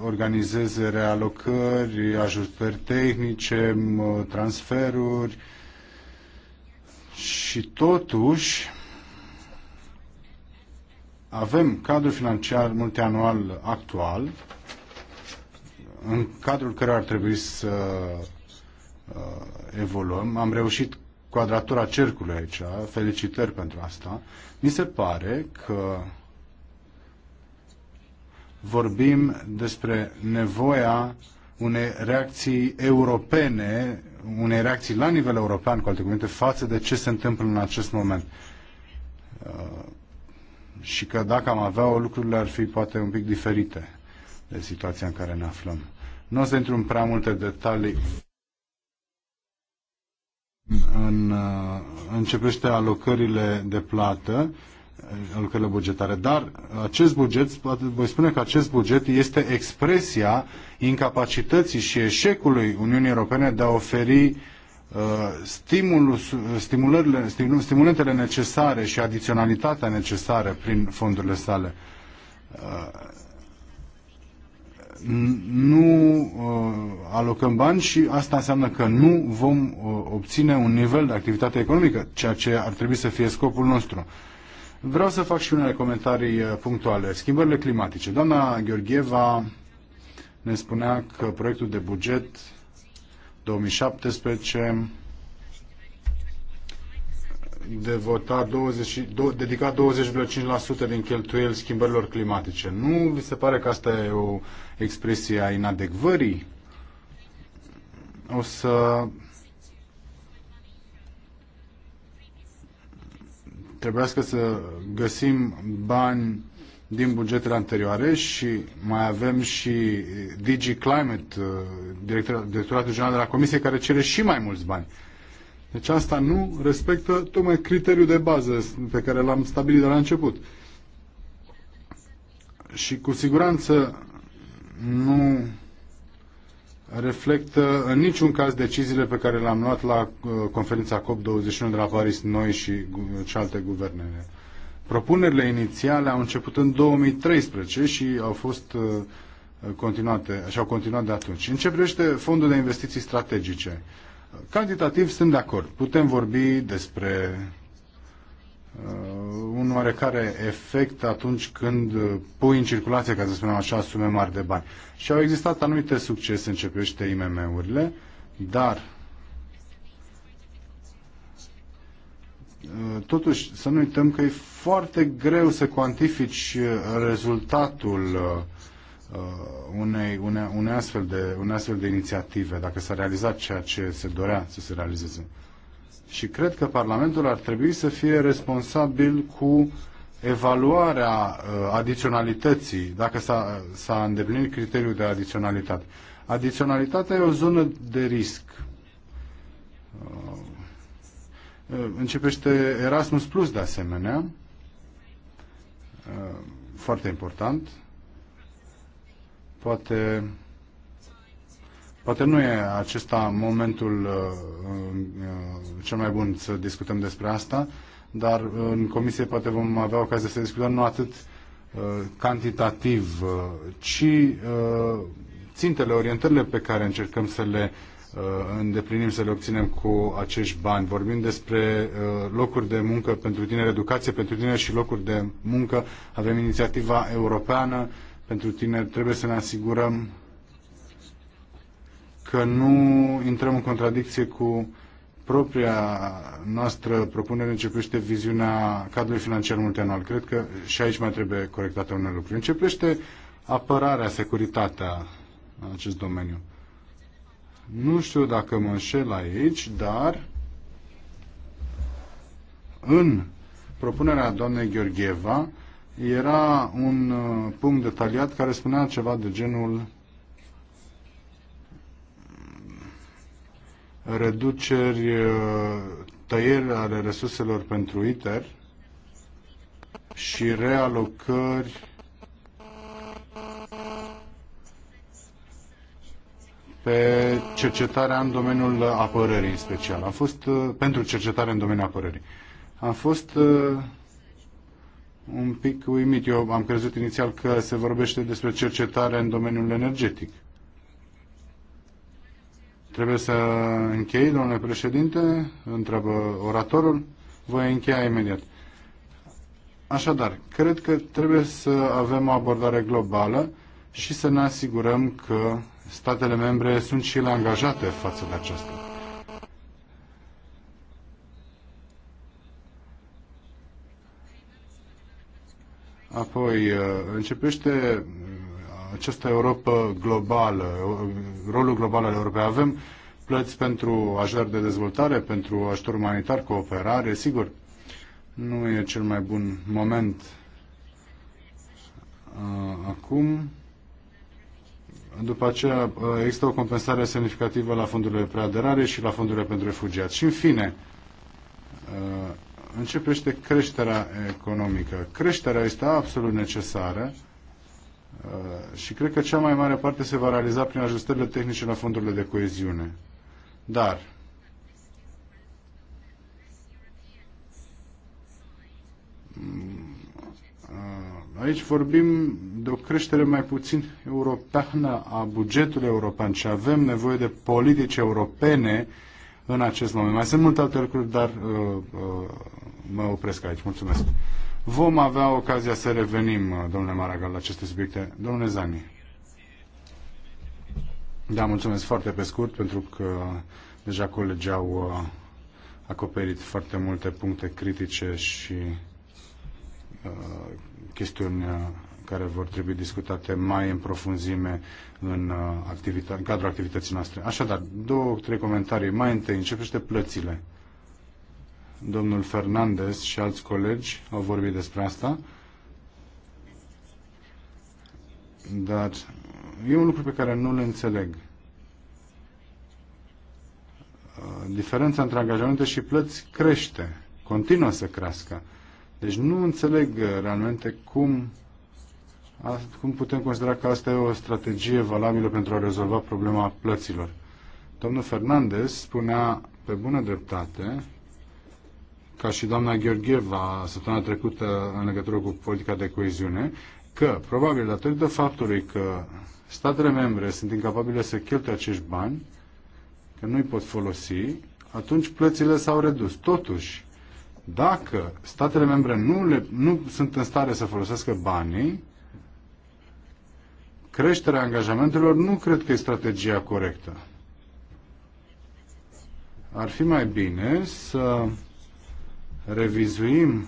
organizeze realocări, ajutări tehnice, transferuri și totuși avem cadrul financiar multianual actual, în cadrul care ar trebui să uh, evoluăm. Am reușit quadratura cercului aici, felicitări pentru asta. Mi se pare că vorbim despre nevoia unei reacții europene, unei reacții la nivel european, cu alte cuvinte, față de ce se întâmplă în acest moment. Uh, și că dacă am avea-o, lucrurile ar fi poate un pic diferite de situația în care ne aflăm. Nu o să intru în prea multe detalii în, uh, începește alocările de plată, alocările bugetare, dar acest buget, voi spune că acest buget este expresia incapacității și eșecului Uniunii Europene de a oferi stimulul, stimulentele necesare și adiționalitatea necesară prin fondurile sale nu uh, alocăm bani și asta înseamnă că nu vom uh, obține un nivel de activitate economică, ceea ce ar trebui să fie scopul nostru. Vreau să fac și unele comentarii uh, punctuale. Schimbările climatice. Doamna Gheorgheva ne spunea că proiectul de buget uh, 2017 devota 20, do, la 20,5% din cheltuieli schimbărilor climatice. Nu vi se pare că asta e o expresie a inadecvării? O să trebuiască să găsim bani din bugetele anterioare și mai avem și eh, DG Climate, eh, directoratul general de la Comisie, care cere și mai mulți bani. Deci asta nu respectă tocmai criteriul de bază pe care l-am stabilit de la început. Și cu siguranță nu reflectă în niciun caz deciziile pe care le-am luat la eh, conferința COP21 de la Paris, noi și cealaltă guverne Propunerile inițiale au început în 2013 și au fost uh, continuate și au continuat de atunci. În ce privește fondul de investiții strategice, cantitativ sunt de acord. Putem vorbi despre uh, un oarecare efect atunci când pui în circulație, ca să spunem așa, sume mari de bani. Și au existat anumite succese în ce privește IMM-urile, dar uh, totuși să nu uităm că e foarte greu să cuantifici uh, rezultatul uh, uh, unei, une, unei, astfel de, unei astfel de inițiative, dacă s-a realizat ceea ce se dorea să se realizeze. Și cred că Parlamentul ar trebui să fie responsabil cu evaluarea uh, adiționalității, dacă s-a, îndeplinit criteriul de adiționalitate. Adiționalitatea e o zonă de risc. Uh, începește Erasmus Plus de asemenea Uh, foarte important. Poate, poate nu e acesta momentul uh, uh, cel mai bun să discutăm despre asta, dar în comisie poate vom avea ocazia să discutăm nu atât cantitativ, ci țintele, orientările pe care încercăm să le Uh, îndeplinim, să le obținem cu acești bani. Vorbim despre uh, locuri de muncă pentru tineri, educație pentru tineri și locuri de muncă. Avem inițiativa europeană pentru tineri. Trebuie să ne asigurăm că nu intrăm în contradicție cu propria noastră propunere începește viziunea cadrului financiar multianual. Cred că și aici mai trebuie corectate unele lucruri. Începește apărarea, securitatea în acest domeniu. Nu știu dacă mă înșel aici, dar în propunerea doamnei Gheorgheva era un uh, punct detaliat care spunea ceva de genul reduceri, uh, tăieri ale resurselor pentru ITER și realocări pe cercetarea în domeniul apărării în special. Am fost uh, pentru cercetare în domeniul apărării. Am fost uh, un pic uimit. Eu am crezut inițial că se vorbește despre cercetare în domeniul energetic. Trebuie să închei, domnule președinte, întreabă oratorul. Voi încheia imediat. Așadar, cred că trebuie să avem o abordare globală și să ne asigurăm că statele membre sunt și ele angajate față de aceasta. Apoi, uh, începește uh, această Europa globală, uh, rolul global al Europei. Avem plăți pentru ajutor de dezvoltare, pentru ajutor umanitar, cooperare, sigur. Nu e cel mai bun moment acum. După aceea uh, există o compensare semnificativă la fondurile de preaderare și la fondurile pentru refugiați. Și în fine, uh, începește creșterea economică. Creșterea este absolut necesară uh, și cred că cea mai mare parte se va realiza prin ajustările tehnice la fondurile de coeziune. Dar Aici vorbim de o creștere mai puțin europeană a bugetului european și avem nevoie de politici europene în acest moment. Mai sunt multe alte lucruri, dar uh, uh, mă opresc aici. Mulțumesc. Vom avea ocazia să revenim, uh, domnule Maragal, la aceste subiecte. Domnule Zani. Da, mulțumesc foarte pe scurt, pentru că deja colegii au uh, acoperit foarte multe puncte critice și Uh, chestiuni uh, care vor trebui discutate mai în profunzime în, uh, activita- în cadrul activității noastre. Așadar, două, trei comentarii. Mai întâi, începește plățile. Domnul Fernandez și alți colegi au vorbit despre asta, dar e un lucru pe care nu le înțeleg. Diferența între angajamente și plăți crește, continuă să crească. Deci nu înțeleg uh, realmente cum, cum putem considera că asta e o strategie valabilă pentru a rezolva problema plăților. Domnul Fernandez spunea pe bună dreptate, ca și doamna Gheorgheva săptămâna trecută în legătură cu politica de coeziune, că probabil datorită faptului că statele membre sunt incapabile să cheltuie acești bani, că nu îi pot folosi, atunci plățile s-au redus. Totuși, dacă statele membre nu, le, nu sunt în stare să folosească banii, creșterea angajamentelor nu cred că e strategia corectă. Ar fi mai bine să revizuim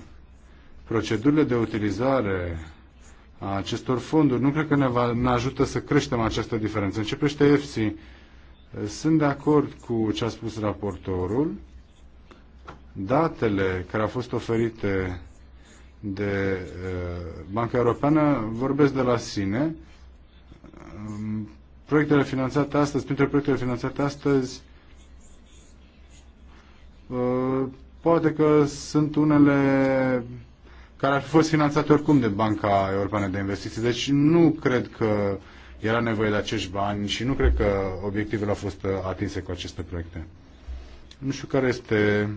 procedurile de utilizare a acestor fonduri. Nu cred că ne, va, ne ajută să creștem această diferență. Începește EFSI. Sunt de acord cu ce a spus raportorul. Datele care au fost oferite de uh, Banca Europeană vorbesc de la sine. Um, proiectele finanțate astăzi, printre proiectele finanțate astăzi, uh, poate că sunt unele care ar fi fost finanțate oricum de Banca Europeană de Investiții. Deci nu cred că era nevoie de acești bani și nu cred că obiectivele au fost atinse cu aceste proiecte. Nu știu care este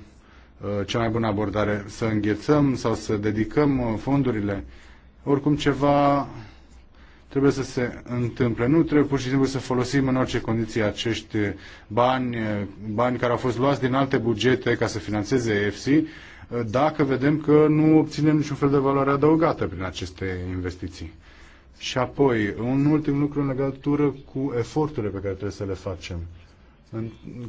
Uh, cea mai bună abordare, să înghețăm sau să dedicăm uh, fondurile, oricum ceva trebuie să se întâmple. Nu trebuie pur și simplu să folosim în orice condiție acești bani, bani care au fost luați din alte bugete ca să financeze EFC, uh, dacă vedem că nu obținem niciun fel de valoare adăugată prin aceste investiții. Și apoi, un ultim lucru în legătură cu eforturile pe care trebuie să le facem.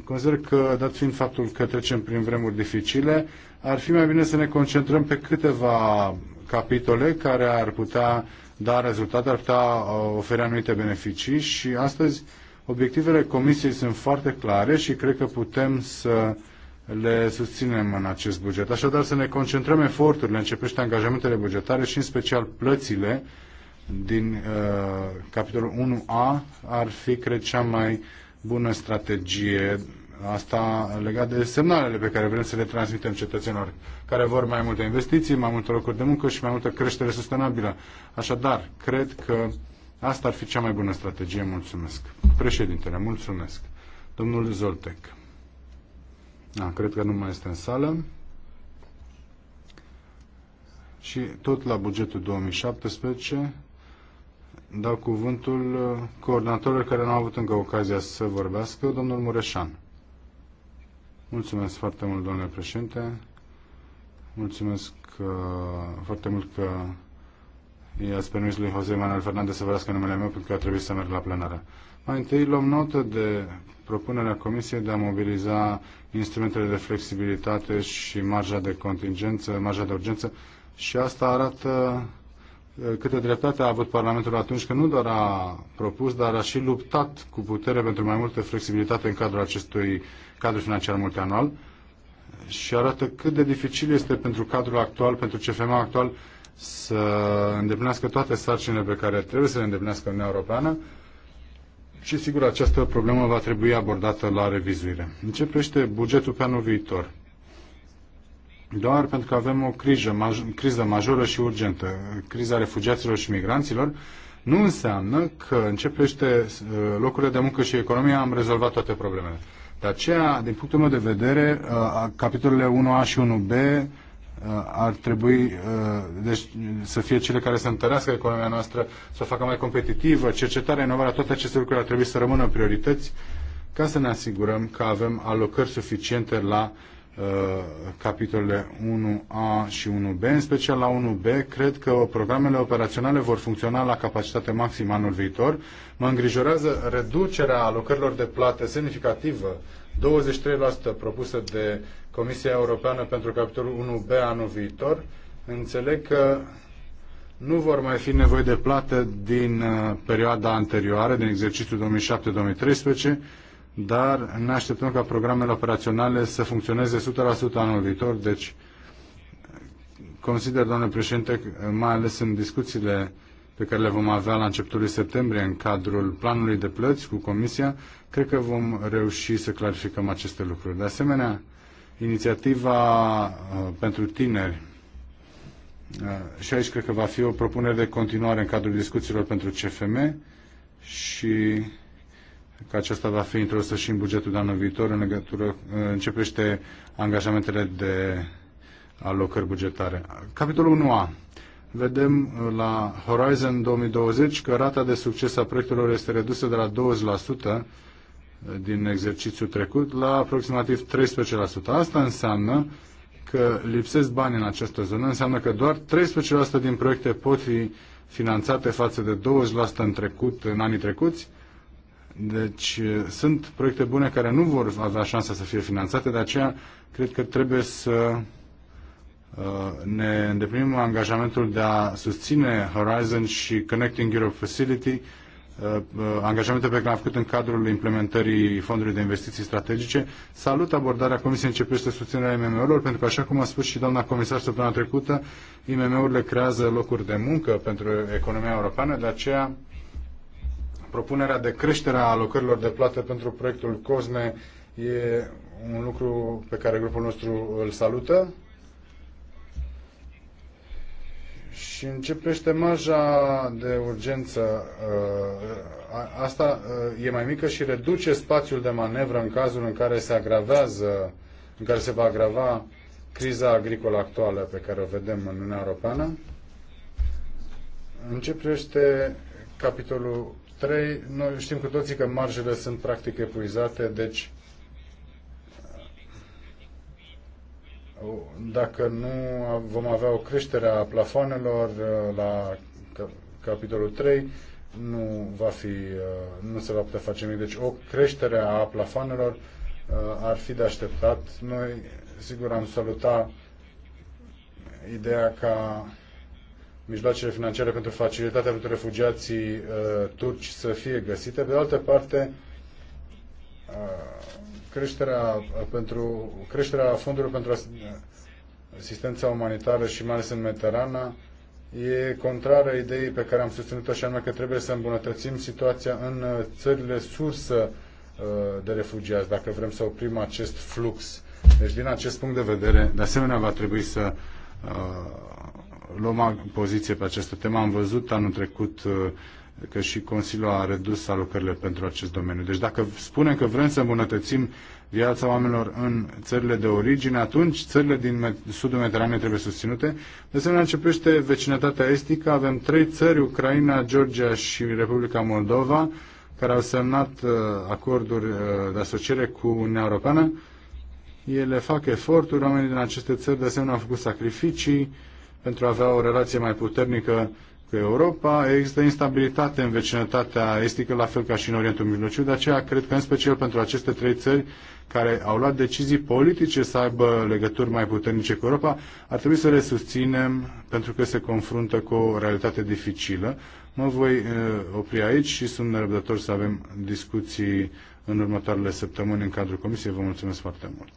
Consider că, dat fiind faptul că trecem prin vremuri dificile, ar fi mai bine să ne concentrăm pe câteva capitole care ar putea da rezultate, ar putea uh, oferi anumite beneficii și astăzi obiectivele Comisiei sunt foarte clare și cred că putem să le susținem în acest buget. Așadar să ne concentrăm eforturile, începește angajamentele bugetare și în special plățile din uh, capitolul 1A ar fi, cred, cea mai bună strategie. Asta legat de semnalele pe care vrem să le transmitem cetățenilor care vor mai multe investiții, mai multe locuri de muncă și mai multă creștere sustenabilă. Așadar, cred că asta ar fi cea mai bună strategie. Mulțumesc. Președintele, mulțumesc. Domnul Zoltec. Da, cred că nu mai este în sală. Și tot la bugetul 2017 dau cuvântul uh, coordonatorilor care nu au avut încă ocazia să vorbească, domnul Mureșan. Mulțumesc foarte mult, domnule președinte. Mulțumesc uh, foarte mult că i-ați permis lui Jose Manuel Fernandez să vorbească numele meu pentru că a trebuit să merg la plenară. Mai întâi luăm notă de propunerea Comisiei de a mobiliza instrumentele de flexibilitate și marja de contingență, marja de urgență și asta arată câtă dreptate a avut Parlamentul atunci că nu doar a propus, dar a și luptat cu putere pentru mai multă flexibilitate în cadrul acestui cadru financiar multianual și arată cât de dificil este pentru cadrul actual, pentru CFM actual, să îndeplinească toate sarcinile pe care trebuie să le îndeplinească Uniunea Europeană și sigur această problemă va trebui abordată la revizuire. Începește bugetul pe anul viitor? doar pentru că avem o criză, maj, criză majoră și urgentă, criza refugiaților și migranților, nu înseamnă că începește uh, locurile de muncă și economia am rezolvat toate problemele. De aceea, din punctul meu de vedere, uh, capitolele 1A și 1B uh, ar trebui deci, să fie cele care să întărească economia noastră, să o facă mai competitivă, cercetarea, inovarea, toate aceste lucruri ar trebui să rămână priorități ca să ne asigurăm că avem alocări suficiente la uh, Uh, capitolele 1A și 1B, în special la 1B, cred că programele operaționale vor funcționa la capacitate maximă anul viitor. Mă îngrijorează reducerea alocărilor de plată semnificativă, 23% propusă de Comisia Europeană pentru capitolul 1B anul viitor. Înțeleg că nu vor mai fi nevoie de plată din uh, perioada anterioară, din exercițiul 2007-2013, dar ne așteptăm ca programele operaționale să funcționeze 100% anul viitor, deci consider, doamne președinte, mai ales în discuțiile pe care le vom avea la începutul septembrie în cadrul planului de plăți cu Comisia, cred că vom reuși să clarificăm aceste lucruri. De asemenea, inițiativa uh, pentru tineri, uh, și aici cred că va fi o propunere de continuare în cadrul discuțiilor pentru CFM și că aceasta va fi introdusă și în bugetul de anul viitor în legătură începește angajamentele de alocări bugetare. Capitolul 1A. Vedem uh, la Horizon 2020 că rata de succes a proiectelor este redusă de la 20% uh, din exercițiul trecut la aproximativ 13%. Asta înseamnă că lipsesc bani în această zonă, înseamnă că doar 13% din proiecte pot fi finanțate față de 20% în, trecut, în anii trecuți deci eh, sunt proiecte bune care nu vor avea șansa să fie finanțate, de aceea cred că trebuie să eh, ne îndeplinim angajamentul de a susține Horizon și Connecting Europe Facility, eh, angajamente pe care am făcut în cadrul implementării Fondului de Investiții Strategice. Salut abordarea Comisiei începește susținerea IMM-urilor, pentru că, așa cum a spus și doamna comisar săptămâna trecută, IMM-urile creează locuri de muncă pentru economia europeană, de aceea propunerea de creștere a alocărilor de plată pentru proiectul COSME e un lucru pe care grupul nostru îl salută și începește marja de urgență. Uh, asta uh, e mai mică și reduce spațiul de manevră în cazul în care se agravează, în care se va agrava criza agricolă actuală pe care o vedem în Uniunea Europeană. Începește capitolul 3, noi știm cu toții că marjele sunt practic epuizate, deci dacă nu vom avea o creștere a plafoanelor uh, la capitolul 3, nu, va fi, uh, nu se va putea face nimic. Deci o creștere a plafoanelor uh, ar fi de așteptat. Noi, sigur, am salutat ideea ca mijloacele financiare pentru facilitatea pentru refugiații uh, turci să fie găsite. Pe de altă parte, uh, creșterea, uh, pentru, creșterea fondurilor pentru uh, asistența umanitară și mai ales în Mediterana e contrară ideii pe care am susținut-o și anume că trebuie să îmbunătățim situația în uh, țările sursă de refugiați, dacă vrem să oprim acest flux. Deci, din acest punct de vedere, de asemenea, va trebui să uh, luăm poziție pe această temă. Am văzut anul trecut uh, că și Consiliul a redus alocările pentru acest domeniu. Deci dacă spunem că vrem să îmbunătățim viața oamenilor în țările de origine, atunci țările din sudul Mediteranei trebuie susținute. De asemenea, începește vecinătatea estică. Avem trei țări, Ucraina, Georgia și Republica Moldova, care au semnat uh, acorduri uh, de asociere cu Uniunea Europeană. Ele fac eforturi, oamenii din aceste țări de asemenea au făcut sacrificii, pentru a avea o relație mai puternică cu Europa. Există instabilitate în vecinătatea estică, la fel ca și în Orientul Mijlociu, de aceea cred că în special pentru aceste trei țări care au luat decizii politice să aibă legături mai puternice cu Europa, ar trebui să le susținem pentru că se confruntă cu o realitate dificilă. Mă voi eh, opri aici și sunt nerăbdător să avem discuții în următoarele săptămâni în cadrul Comisiei. Vă mulțumesc foarte mult!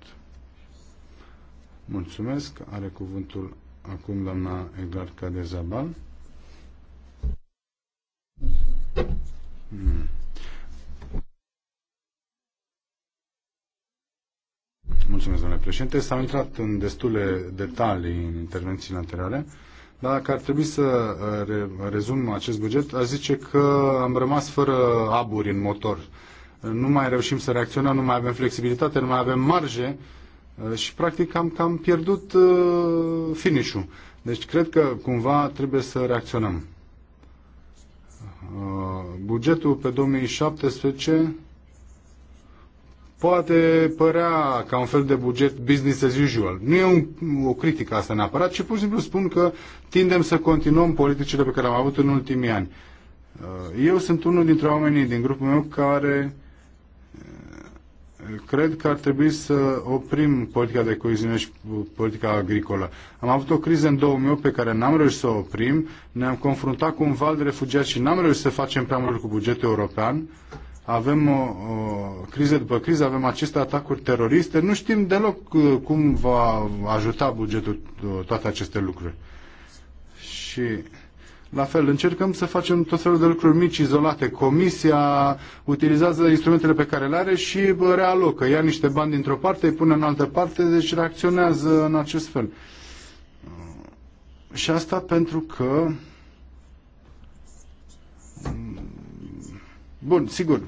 Mulțumesc. Are cuvântul acum doamna Edgar Cadezabal. Mm. Mulțumesc, domnule președinte. S-au intrat în destule detalii în intervențiile anterioare. Dar dacă ar trebui să uh, rezum acest buget, aș zice că am rămas fără aburi în motor. Nu mai reușim să reacționăm, nu mai avem flexibilitate, nu mai avem marge Uh, și practic am, cam pierdut uh, finish-ul. Deci cred că cumva trebuie să reacționăm. Uh, bugetul pe 2017 poate părea ca un fel de buget business as usual. Nu e un, o critică asta neapărat, ci pur și simplu spun că tindem să continuăm politicile pe care am avut în ultimii ani. Eu sunt unul dintre oamenii din grupul meu care cred că ar trebui să oprim politica de coeziune și politica agricolă. Am avut o criză în 2008 pe care n-am reușit să o oprim, ne-am confruntat cu un val de refugiați și n-am reușit să facem prea mult cu bugetul european. Avem o, o criză după criză, avem aceste atacuri teroriste, nu știm deloc uh, cum va ajuta bugetul uh, toate aceste lucruri. Și la fel, încercăm să facem tot felul de lucruri mici, izolate. Comisia utilizează instrumentele pe care le are și realocă. Ia niște bani dintr-o parte, îi pune în altă parte, deci reacționează în acest fel. Și asta pentru că... Bun, sigur,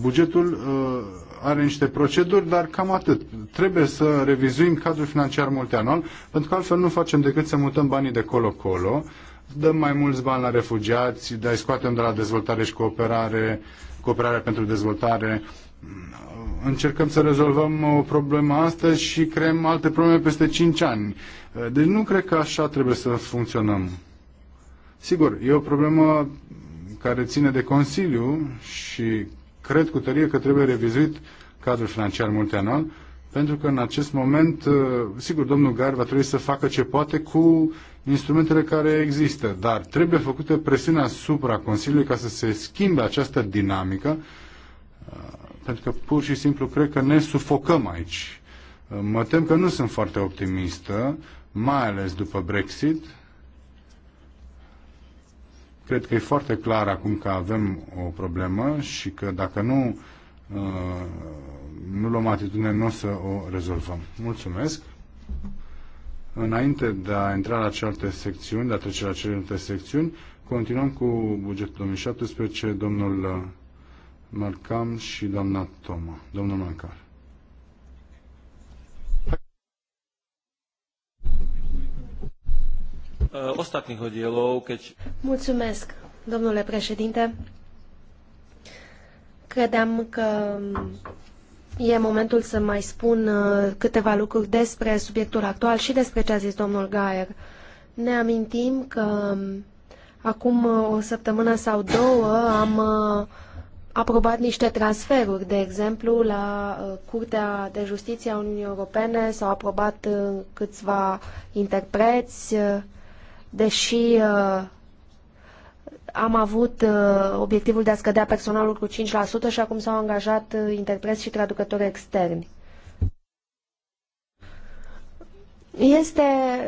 bugetul uh, are niște proceduri, dar cam atât. Trebuie să revizuim cadrul financiar multianual, pentru că altfel nu facem decât să mutăm banii de colo-colo dăm mai mulți bani la refugiați, dar îi scoatem de la dezvoltare și cooperare, cooperare pentru dezvoltare. Încercăm să rezolvăm o problemă astăzi și creăm alte probleme peste 5 ani. Deci nu cred că așa trebuie să funcționăm. Sigur, e o problemă care ține de Consiliu și cred cu tărie că trebuie revizuit cadrul financiar multianual, pentru că în acest moment, sigur, domnul Gar va trebui să facă ce poate cu instrumentele care există, dar trebuie făcută presiune asupra Consiliului ca să se schimbe această dinamică, uh, pentru că pur și simplu cred că ne sufocăm aici. Uh, mă tem că nu sunt foarte optimistă, mai ales după Brexit. Cred că e foarte clar acum că avem o problemă și că dacă nu uh, nu luăm atitudine, nu o să o rezolvăm. Mulțumesc. Înainte de a intra la celelalte secțiuni, de a trece la celelalte secțiuni, continuăm cu bugetul 2017, domnul uh, Marcam și doamna Toma. Domnul Marcam. Uh, ostatných Mulțumesc, domnule președinte. Credeam că E momentul să mai spun uh, câteva lucruri despre subiectul actual și despre ce a zis domnul Gaier. Ne amintim că um, acum uh, o săptămână sau două am uh, aprobat niște transferuri, de exemplu, la Curtea de Justiție a Uniunii Europene s-au aprobat câțiva interpreți, deși am avut uh, obiectivul de a scădea personalul cu 5% și acum s-au angajat uh, interpreți și traducători externi. Este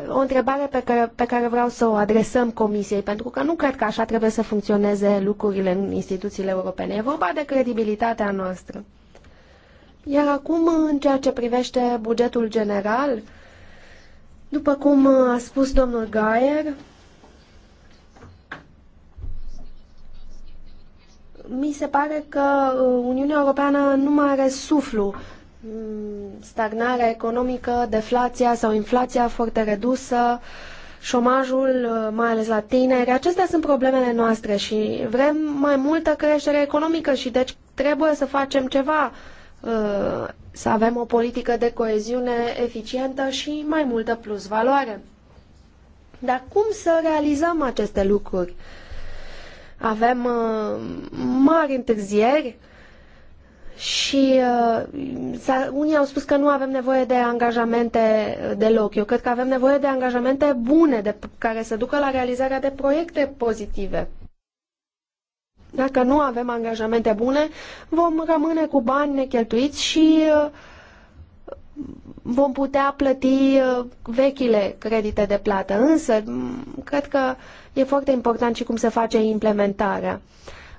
o întrebare pe care, pe care vreau să o adresăm Comisiei, pentru că nu cred că așa trebuie să funcționeze lucrurile în instituțiile europene. E vorba de credibilitatea noastră. Iar acum, în ceea ce privește bugetul general, după cum a spus domnul Gaier, mi se pare că uh, Uniunea Europeană nu mai are suflu. Mm, stagnarea economică, deflația sau inflația foarte redusă, șomajul, uh, mai ales la tineri, acestea sunt problemele noastre și vrem mai multă creștere economică și deci trebuie să facem ceva, uh, să avem o politică de coeziune eficientă și mai multă plus valoare. Dar cum să realizăm aceste lucruri? Avem uh, mari întârzieri și uh, unii au spus că nu avem nevoie de angajamente uh, deloc. Eu cred că avem nevoie de angajamente bune, de, care să ducă la realizarea de proiecte pozitive. Dacă nu avem angajamente bune, vom rămâne cu bani necheltuiți și uh, vom putea plăti vechile credite de plată. Însă, cred că E foarte important și cum se face implementarea.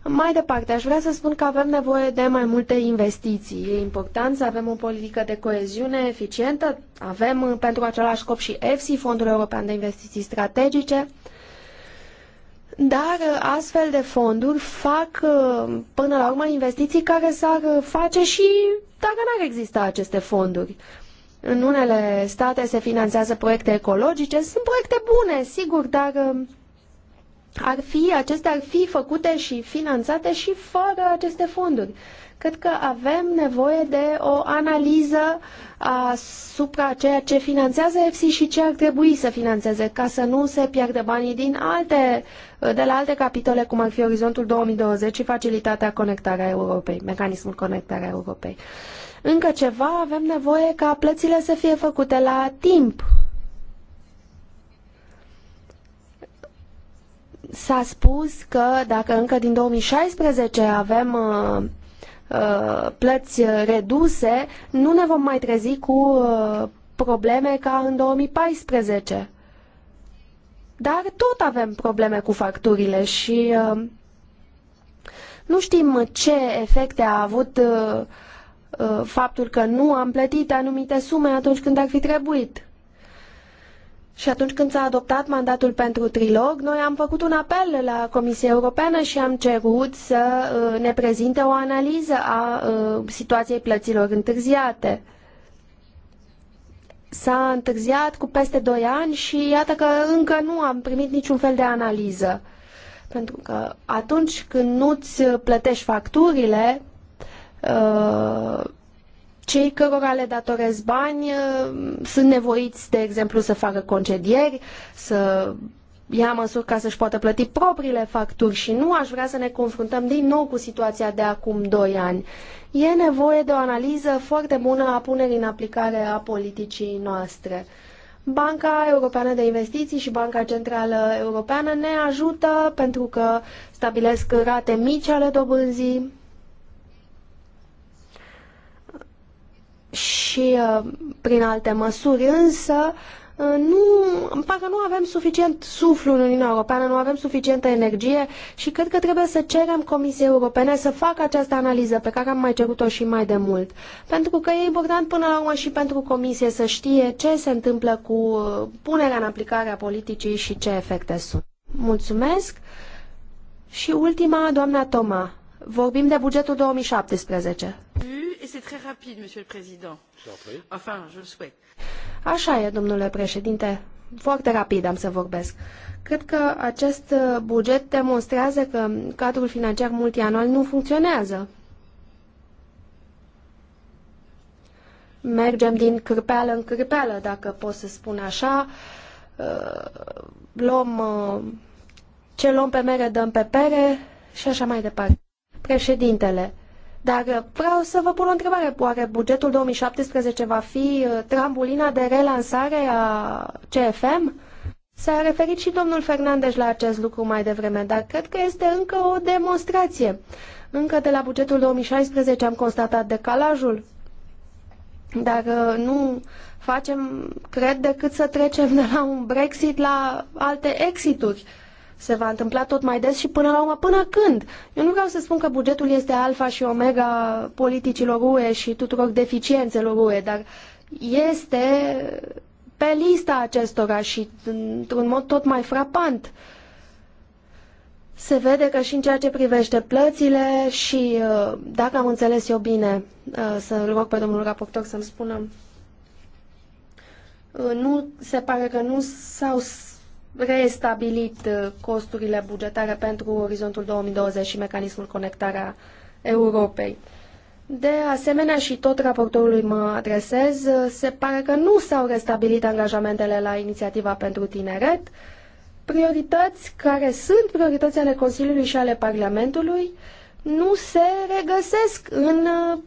Mai departe, aș vrea să spun că avem nevoie de mai multe investiții. E important să avem o politică de coeziune eficientă. Avem uh, pentru același scop și EFSI, Fondul European de Investiții Strategice. Dar uh, astfel de fonduri fac uh, până la urmă investiții care s-ar face și dacă n-ar exista aceste fonduri. În unele state se finanțează proiecte ecologice, sunt proiecte bune, sigur, dar ar fi, acestea ar fi făcute și finanțate și fără aceste fonduri. Cred că avem nevoie de o analiză asupra ceea ce finanțează EFSI și ce ar trebui să finanțeze, ca să nu se pierdă banii din alte, de la alte capitole, cum ar fi Orizontul 2020 și Facilitatea Conectarea Europei, Mecanismul Conectarea Europei. Încă ceva, avem nevoie ca plățile să fie făcute la timp, S-a spus că dacă încă din 2016 avem uh, uh, plăți reduse, nu ne vom mai trezi cu uh, probleme ca în 2014. Dar tot avem probleme cu facturile și nu știm ce efecte a avut faptul că nu am plătit anumite sume atunci când ar fi trebuit. Și atunci când s-a adoptat mandatul pentru trilog, noi am făcut un apel la Comisia Europeană și am cerut să uh, ne prezinte o analiză a uh, situației plăților întârziate. S-a întârziat cu peste doi ani și iată că încă nu am primit niciun fel de analiză. Pentru că atunci când nu-ți plătești facturile, uh, cei cărora le datorez bani uh, sunt nevoiți, de exemplu, să facă concedieri, să ia măsuri ca să-și poată plăti propriile facturi și nu aș vrea să ne confruntăm din nou cu situația de acum doi ani. E nevoie de o analiză foarte bună a punerii în aplicare a politicii noastre. Banca Europeană de Investiții și Banca Centrală Europeană ne ajută pentru că stabilesc rate mici ale dobânzii, și uh, prin alte măsuri, însă uh, nu, parcă nu avem suficient suflu în Uniunea Europeană, nu avem suficientă energie și cred că trebuie să cerem Comisiei Europene să facă această analiză pe care am mai cerut-o și mai de mult. Pentru că e important până la urmă și pentru Comisie să știe ce se întâmplă cu uh, punerea în aplicare a politicii și ce efecte sunt. Mulțumesc! Și ultima, doamna Toma. Vorbim de bugetul 2017. Așa e, domnule președinte. Foarte rapid am să vorbesc. Cred că acest uh, buget demonstrează că cadrul financiar multianual nu funcționează. Mergem din cârpeală în cârpeală, dacă pot să spun așa. Uh, luăm uh, ce luăm pe mere, dăm pe pere și așa mai departe. Președintele, dar uh, vreau să vă pun o întrebare. Oare bugetul 2017 va fi uh, trambulina de relansare a CFM? S-a referit și domnul Fernandez la acest lucru mai devreme, dar cred că este încă o demonstrație. Încă de la bugetul 2016 am constatat decalajul, dar uh, nu facem, cred, decât să trecem de la un Brexit la alte exituri se va întâmpla tot mai des și până la urmă, până când? Eu nu vreau să spun că bugetul este alfa și omega politicilor UE și tuturor deficiențelor UE, dar este pe lista acestora și într-un mod tot mai frapant. Se vede că și în ceea ce privește plățile și, uh, dacă am înțeles eu bine, uh, să-l rog pe domnul raportor să-mi spună, uh, nu se pare că nu s-au restabilit uh, costurile bugetare pentru Orizontul 2020 și mecanismul conectarea Europei. De asemenea, și tot raportorului mă adresez, uh, se pare că nu s-au restabilit angajamentele la inițiativa pentru tineret, priorități care sunt priorități ale Consiliului și ale Parlamentului, nu se regăsesc în uh,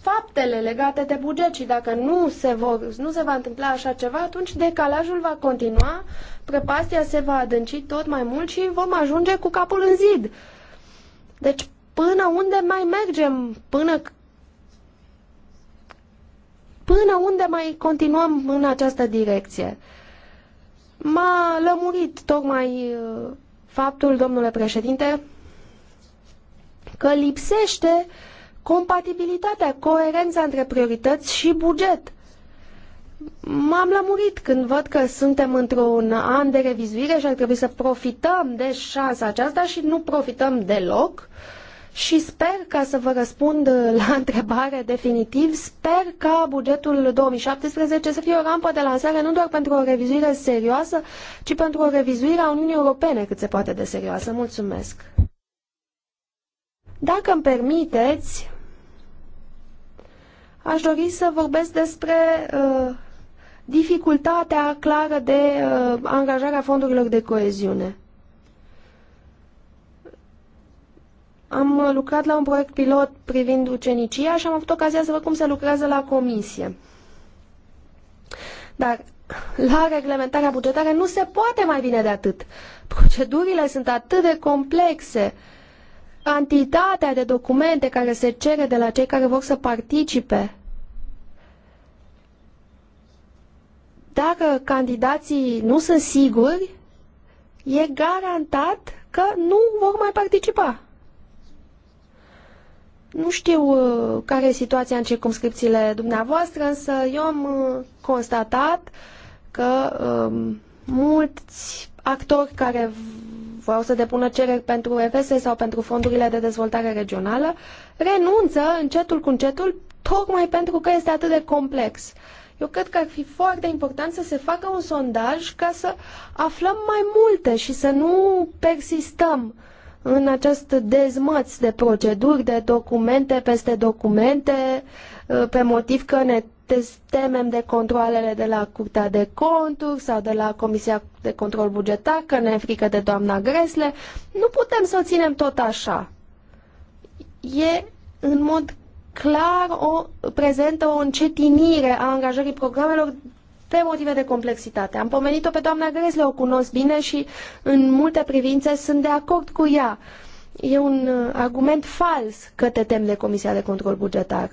faptele legate de buget și dacă nu se, vor, nu se va întâmpla așa ceva, atunci decalajul va continua, prăpastia se va adânci tot mai mult și vom ajunge cu capul în zid. Deci până unde mai mergem, până până unde mai continuăm în această direcție. M-a lămurit tocmai uh, faptul, domnule președinte, că lipsește uh, compatibilitatea, coerența între priorități și buget. M-am lămurit când văd că suntem într-un an de revizuire și ar trebui să profităm de șansa aceasta și nu profităm deloc. Și sper, ca să vă răspund la întrebare definitiv, sper ca bugetul 2017 să fie o rampă de lansare nu doar pentru o revizuire serioasă, ci pentru o revizuire a Uniunii Europene cât se poate de serioasă. Mulțumesc! Dacă îmi permiteți, Aș dori să vorbesc despre uh, dificultatea clară de uh, angajarea fondurilor de coeziune. Am uh, lucrat la un proiect pilot privind ucenicia și am avut ocazia să văd cum se lucrează la comisie. Dar la reglementarea bugetară nu se poate mai bine de atât. Procedurile sunt atât de complexe. Cantitatea de documente care se cere de la cei care vor să participe Dacă candidații nu sunt siguri, e garantat că nu vor mai participa. Nu știu uh, care e situația în circumscripțiile dumneavoastră, însă eu am uh, constatat că um, mulți actori care vreau să depună cereri pentru EFSE sau pentru fondurile de dezvoltare regională renunță încetul cu încetul tocmai pentru că este atât de complex. Uh, eu cred că ar fi foarte important să se facă un sondaj ca să aflăm mai multe și să nu persistăm în acest dezmăț de proceduri, de documente peste documente, uh, pe motiv că ne temem de controlele de la Curtea de Conturi sau de la Comisia de Control Bugetar, că ne e frică de doamna Gresle. Nu putem să o ținem tot așa. E în mod clar o, prezentă o încetinire a angajării programelor pe motive de complexitate. Am pomenit-o pe doamna Gresle, o cunosc bine și în multe privințe sunt de acord cu ea. E un uh, argument fals că te tem de Comisia de Control Bugetar.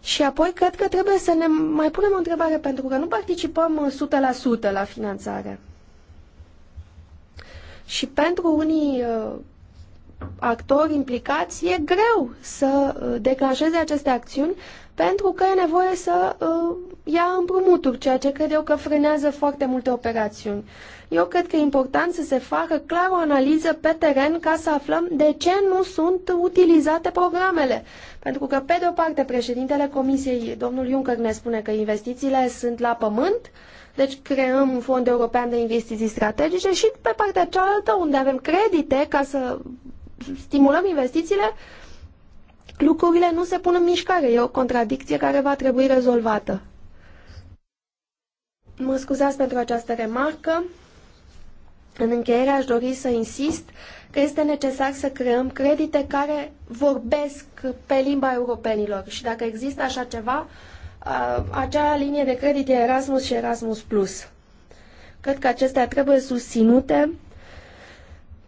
Și apoi cred că trebuie să ne mai punem o întrebare, pentru că nu participăm 100% uh, la finanțare. Și pentru unii uh, actori implicați, e greu să uh, declanșeze aceste acțiuni pentru că e nevoie să uh, ia împrumuturi, ceea ce cred eu că frânează foarte multe operațiuni. Eu cred că e important să se facă clar o analiză pe teren ca să aflăm de ce nu sunt utilizate programele. Pentru că, pe de o parte, președintele Comisiei, domnul Juncker, ne spune că investițiile sunt la pământ, deci creăm un fond european de investiții strategice și pe partea cealaltă unde avem credite ca să stimulăm investițiile, lucrurile nu se pun în mișcare. E o contradicție care va trebui rezolvată. Mă scuzați pentru această remarcă. În încheiere aș dori să insist că este necesar să creăm credite care vorbesc pe limba europenilor și dacă există așa ceva, acea linie de credit e Erasmus și Erasmus+. Cred că acestea trebuie susținute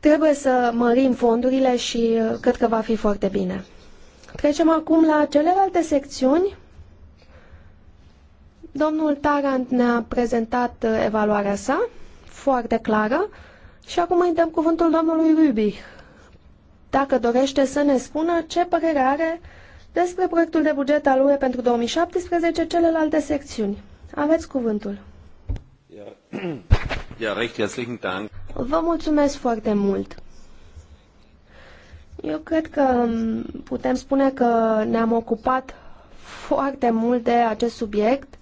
Trebuie să mărim fondurile și uh, cred că va fi foarte bine. Trecem acum la celelalte secțiuni. Domnul Tarant ne-a prezentat uh, evaluarea sa, foarte clară, și acum îi dăm cuvântul domnului Rubi. dacă dorește să ne spună ce părere are despre proiectul de buget al UE pentru 2017, celelalte secțiuni. Aveți cuvântul. Ja, ja recht herzlichen Dank. Vă mulțumesc foarte mult! Eu cred că putem spune că ne-am ocupat foarte mult de acest subiect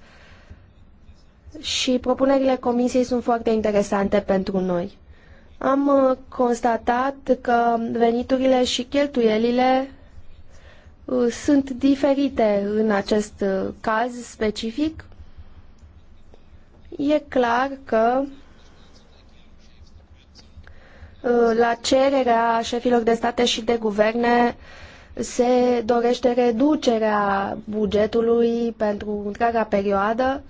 și propunerile comisiei sunt foarte interesante pentru noi. Am uh, constatat că veniturile și cheltuielile uh, sunt diferite în acest uh, caz specific. E clar că Uh, la cererea șefilor de state și de guverne se dorește reducerea bugetului pentru întreaga perioadă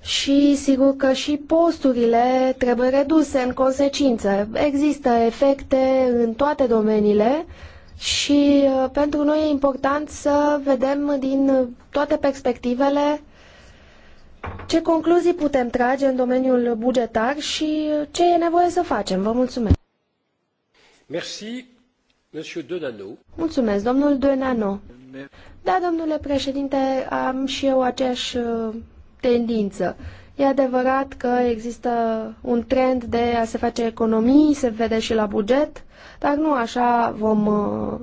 și sigur că și posturile trebuie reduse în consecință. Există efecte în toate domeniile și uh, pentru noi e important să vedem din toate perspectivele ce concluzii putem trage în domeniul bugetar și ce e nevoie să facem. Vă mulțumesc. Merci, Monsieur Denano. Mulțumesc, domnul Denano. Da, domnule președinte, am și eu aceeași uh, tendință. E adevărat că există un trend de a se face economii, se vede și la buget, dar nu așa vom uh,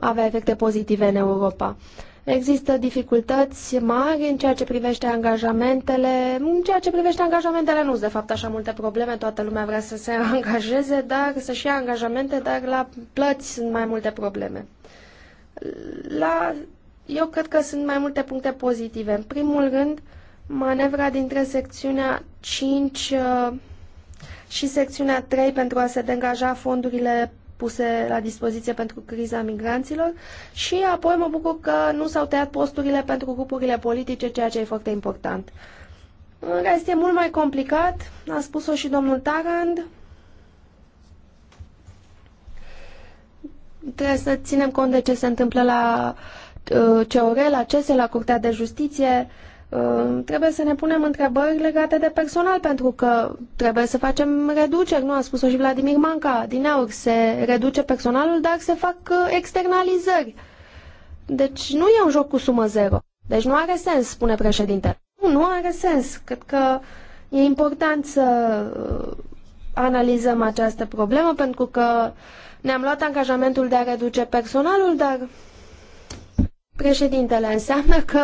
avea efecte pozitive în Europa. Există dificultăți mari în ceea ce privește angajamentele. În ceea ce privește angajamentele nu sunt de fapt așa multe probleme. Toată lumea vrea să se angajeze, dar să-și ia angajamente, dar la plăți sunt mai multe probleme. La... Eu cred că sunt mai multe puncte pozitive. În primul rând, manevra dintre secțiunea 5 uh, și secțiunea 3 pentru a se degaja fondurile puse la dispoziție pentru criza migranților și apoi mă bucur că nu s-au tăiat posturile pentru grupurile politice, ceea ce e foarte important. În rest, e mult mai complicat, a spus-o și domnul Tarand. Trebuie să ținem cont de ce se întâmplă la uh, CEORE, la CESE, la Curtea de Justiție, uh, Uh, trebuie să ne punem întrebări legate de personal, pentru că trebuie să facem reduceri, nu a spus-o și Vladimir Manca, din aur se reduce personalul, dar se fac uh, externalizări. Deci nu e un joc cu sumă zero. Deci nu are sens, spune președintele. Nu, nu are sens. Cred că e important să uh, analizăm această problemă, pentru că ne-am luat angajamentul de a reduce personalul, dar Președintele, înseamnă că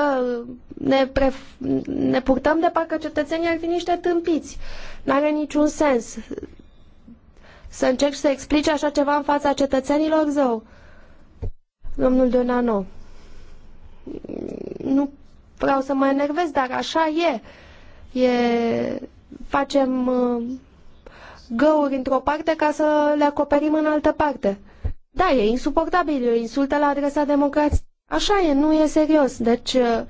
ne, pref- ne purtăm de parcă cetățenii ar fi niște tâmpiți. N-are niciun sens să încerci să explici așa ceva în fața cetățenilor zău. Domnul Donano, nu vreau să mă enervez, dar așa e. e facem uh, găuri într-o parte ca să le acoperim în altă parte. Da, e insuportabil, e o insultă la adresa democrației. Așa e, nu e serios. Deci, uh,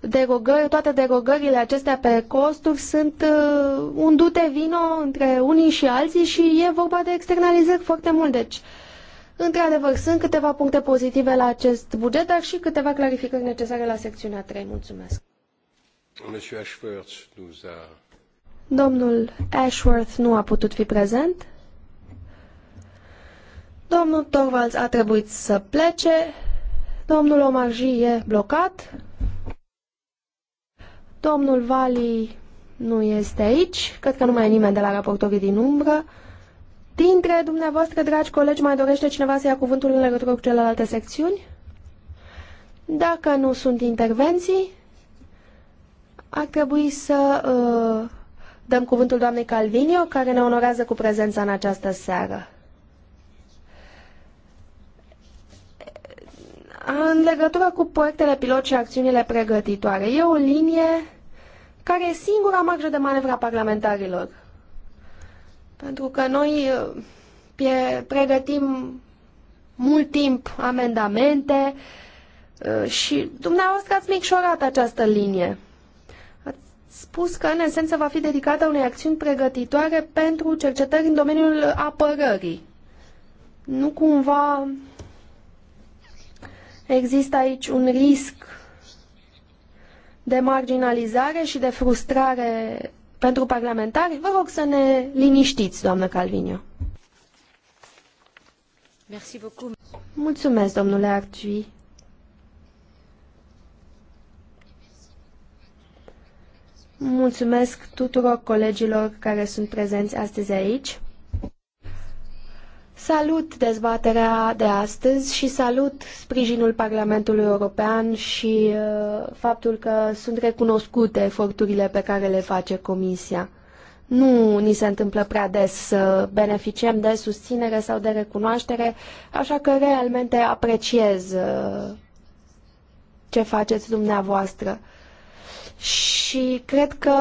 derogări, toate derogările acestea pe costuri sunt uh, un dute vino între unii și alții și e vorba de externalizări foarte mult. Deci, într-adevăr, sunt câteva puncte pozitive la acest buget, dar și câteva clarificări necesare la secțiunea 3. Mulțumesc. Domnul Ashworth nu a putut fi prezent. Domnul Torvalds a trebuit să plece. Domnul Omarji e blocat. Domnul Vali nu este aici. Cred că nu mai e nimeni de la raportorii din umbră. Dintre dumneavoastră, dragi colegi, mai dorește cineva să ia cuvântul în legătură cu celelalte secțiuni? Dacă nu sunt intervenții, ar trebui să uh, dăm cuvântul doamnei Calvinio, care ne onorează cu prezența în această seară. În legătură cu proiectele pilot și acțiunile pregătitoare, e o linie care e singura marjă de manevră a parlamentarilor. Pentru că noi eh, pregătim mult timp amendamente eh, și dumneavoastră ați micșorat această linie. Ați spus că, în esență, va fi dedicată unei acțiuni pregătitoare pentru cercetări în domeniul apărării. Nu cumva Există aici un risc de marginalizare și de frustrare pentru parlamentari. Vă rog să ne liniștiți, doamnă Calvinio. Mulțumesc, domnule Arciui. Mulțumesc tuturor colegilor care sunt prezenți astăzi aici. Salut dezbaterea de astăzi și salut sprijinul Parlamentului European și uh, faptul că sunt recunoscute eforturile pe care le face Comisia. Nu ni se întâmplă prea des să beneficiem de susținere sau de recunoaștere, așa că realmente apreciez uh, ce faceți dumneavoastră. Și cred că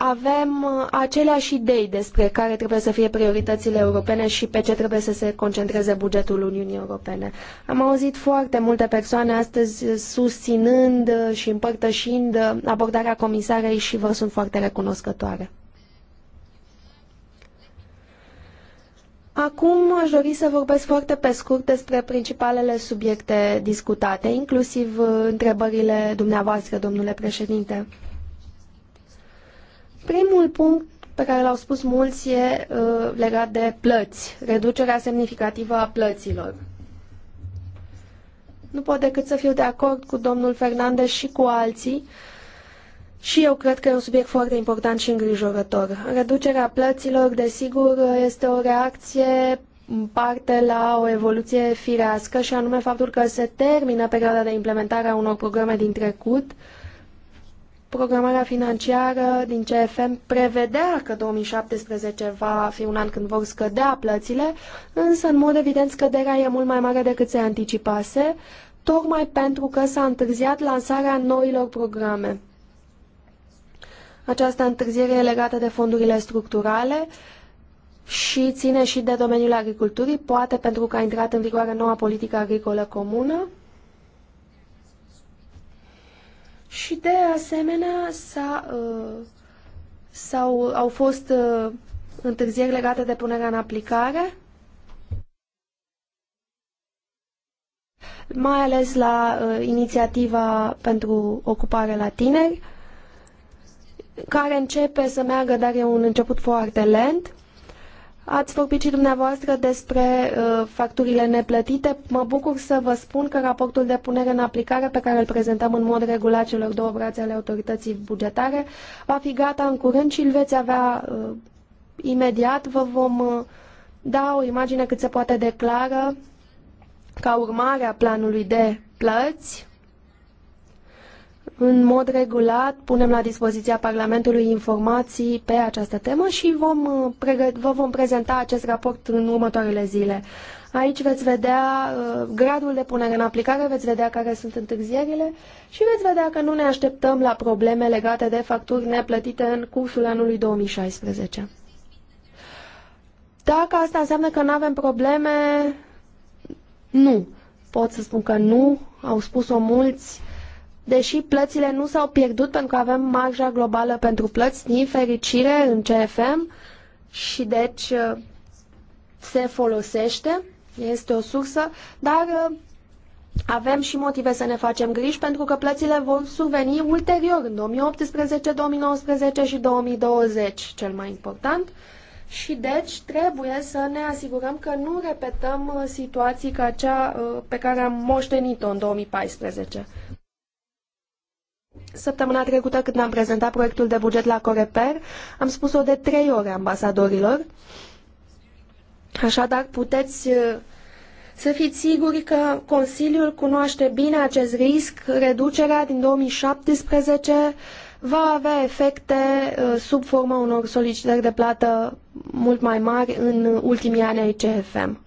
avem uh, aceleași idei despre care trebuie să fie prioritățile europene și pe ce trebuie să se concentreze bugetul Uniunii Europene. Am auzit foarte multe persoane astăzi susținând și împărtășind abordarea comisarei și vă sunt foarte recunoscătoare. Acum aș dori să vorbesc foarte pe scurt despre principalele subiecte discutate, inclusiv uh, întrebările dumneavoastră, domnule președinte. Primul punct pe care l-au spus mulți e uh, legat de plăți, reducerea semnificativă a plăților. Nu pot decât să fiu de acord cu domnul Fernandez și cu alții și eu cred că e un subiect foarte important și îngrijorător. Reducerea plăților, desigur, este o reacție în parte la o evoluție firească și anume faptul că se termină perioada de implementare a unor programe din trecut uh, programarea financiară din CFM prevedea că 2017 va fi un an când vor scădea plățile, însă, în mod evident, scăderea e mult mai mare decât se anticipase, tocmai pentru că s-a întârziat lansarea noilor programe. Această întârziere e legată de fondurile structurale și ține și de domeniul agriculturii, poate pentru că a intrat în vigoare noua politică agricolă comună, și de asemenea s-a, uh, sau au fost uh, întârzieri legate de punerea în aplicare, mai ales la uh, inițiativa pentru ocupare la tineri, care începe să meargă, dar e un început foarte lent. Ați vorbit și dumneavoastră despre uh, facturile neplătite. Mă bucur să vă spun că raportul de punere în aplicare pe care îl prezentăm în mod regulat celor două brațe ale autorității bugetare va fi gata în curând și îl veți avea uh, imediat. Vă vom uh, da o imagine cât se poate de clară ca urmare a planului de plăți în mod regulat punem la dispoziția Parlamentului informații pe această temă și vom uh, vă vom prezenta acest raport în următoarele zile. Aici veți vedea uh, gradul de punere în aplicare, veți vedea care sunt întârzierile și veți vedea că nu ne așteptăm la probleme legate de facturi neplătite în cursul anului 2016. Dacă asta înseamnă că nu avem probleme, nu. Pot să spun că nu, au spus-o mulți deși plățile nu s-au pierdut pentru că avem marja globală pentru plăți, din fericire, în CFM și deci uh, se folosește, este o sursă, dar uh, avem și motive să ne facem griji pentru că plățile vor surveni ulterior, în 2018, 2019 și 2020, cel mai important. Și deci trebuie să ne asigurăm că nu repetăm uh, situații ca cea pe care am moștenit-o în 2014. Săptămâna trecută, când am prezentat proiectul de buget la Coreper, am spus-o de trei ore ambasadorilor. Așadar, puteți uh, să fiți siguri că Consiliul cunoaște bine acest risc. Reducerea din 2017 va avea efecte uh, sub forma unor solicitări de plată mult mai mari în ultimii ani ai CFM.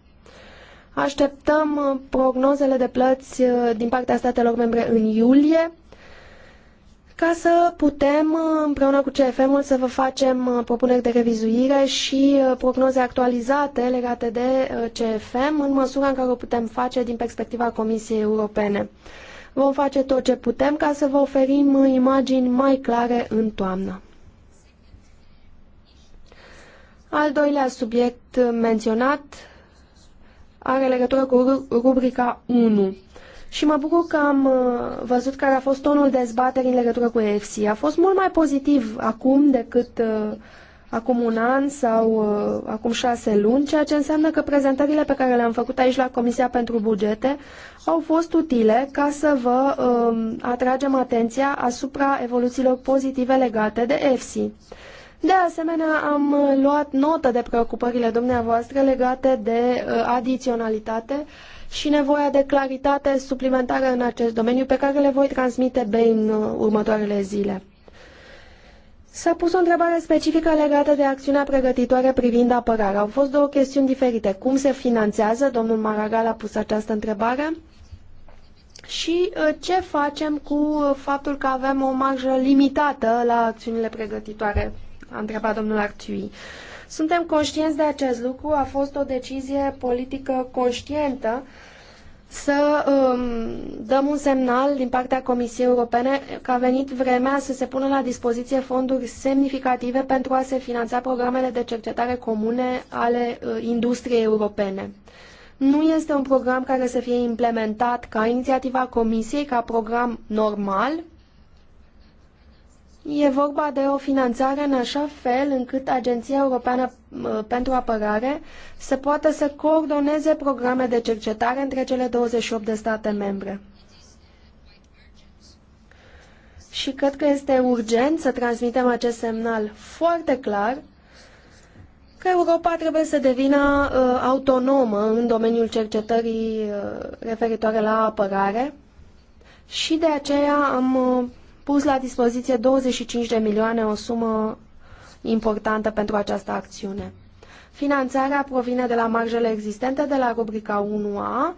Așteptăm uh, prognozele de plăți din partea statelor membre în iulie ca să putem, împreună cu CFM-ul, să vă facem uh, propuneri de revizuire și uh, prognoze actualizate legate de uh, CFM, în măsura în care o putem face din perspectiva Comisiei Europene. Vom face tot ce putem ca să vă oferim imagini mai clare în toamnă. Al doilea subiect menționat are legătură cu rubrica 1 și mă bucur că am uh, văzut care a fost tonul dezbaterii în legătură cu EFC. A fost mult mai pozitiv acum decât uh, acum un an sau uh, acum șase luni, ceea ce înseamnă că prezentările pe care le-am făcut aici la Comisia pentru Bugete au fost utile ca să vă uh, atragem atenția asupra evoluțiilor pozitive legate de EFC. De asemenea, am uh, luat notă de preocupările dumneavoastră legate de uh, adiționalitate uh, și nevoia de claritate suplimentară în acest domeniu pe care le voi transmite bei în uh, următoarele zile. S-a pus o întrebare specifică legată de acțiunea pregătitoare privind apărarea. Au fost două chestiuni diferite. Cum se finanțează? Domnul Maragal a pus această întrebare. Și uh, ce facem cu uh, faptul că avem o marjă limitată la acțiunile pregătitoare? A întrebat domnul Arciui. Uh, suntem conștienți de acest lucru, a fost o decizie politică conștientă să um, dăm un semnal din partea Comisiei Europene că a venit vremea să se pună la dispoziție fonduri semnificative pentru a se finanța programele de cercetare comune ale uh, industriei europene. Nu este un program care să fie implementat ca inițiativa Comisiei, ca program normal, E vorba de o finanțare în așa fel încât Agenția Europeană pentru Apărare să poată să coordoneze programe de cercetare între cele 28 de state membre. Și cred că este urgent să transmitem acest semnal foarte clar că Europa trebuie să devină uh, autonomă în domeniul cercetării uh, referitoare la apărare și de aceea am uh, pus la dispoziție 25 de milioane, o sumă importantă pentru această acțiune. Finanțarea provine de la marjele existente de la rubrica 1A,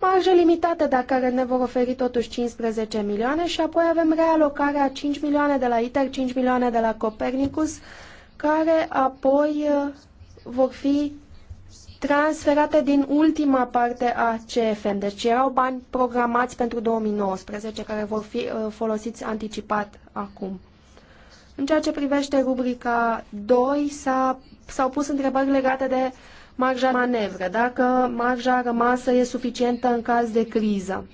marje limitate, dar care ne vor oferi totuși 15 milioane și apoi avem realocarea 5 milioane de la ITER, 5 milioane de la Copernicus, care apoi uh, vor fi transferate din ultima parte a CFM, deci erau bani programați pentru 2019 care vor fi uh, folosiți anticipat acum. În ceea ce privește rubrica 2, s-au pus întrebări legate de marja de manevră, dacă marja rămasă e suficientă în caz de criză.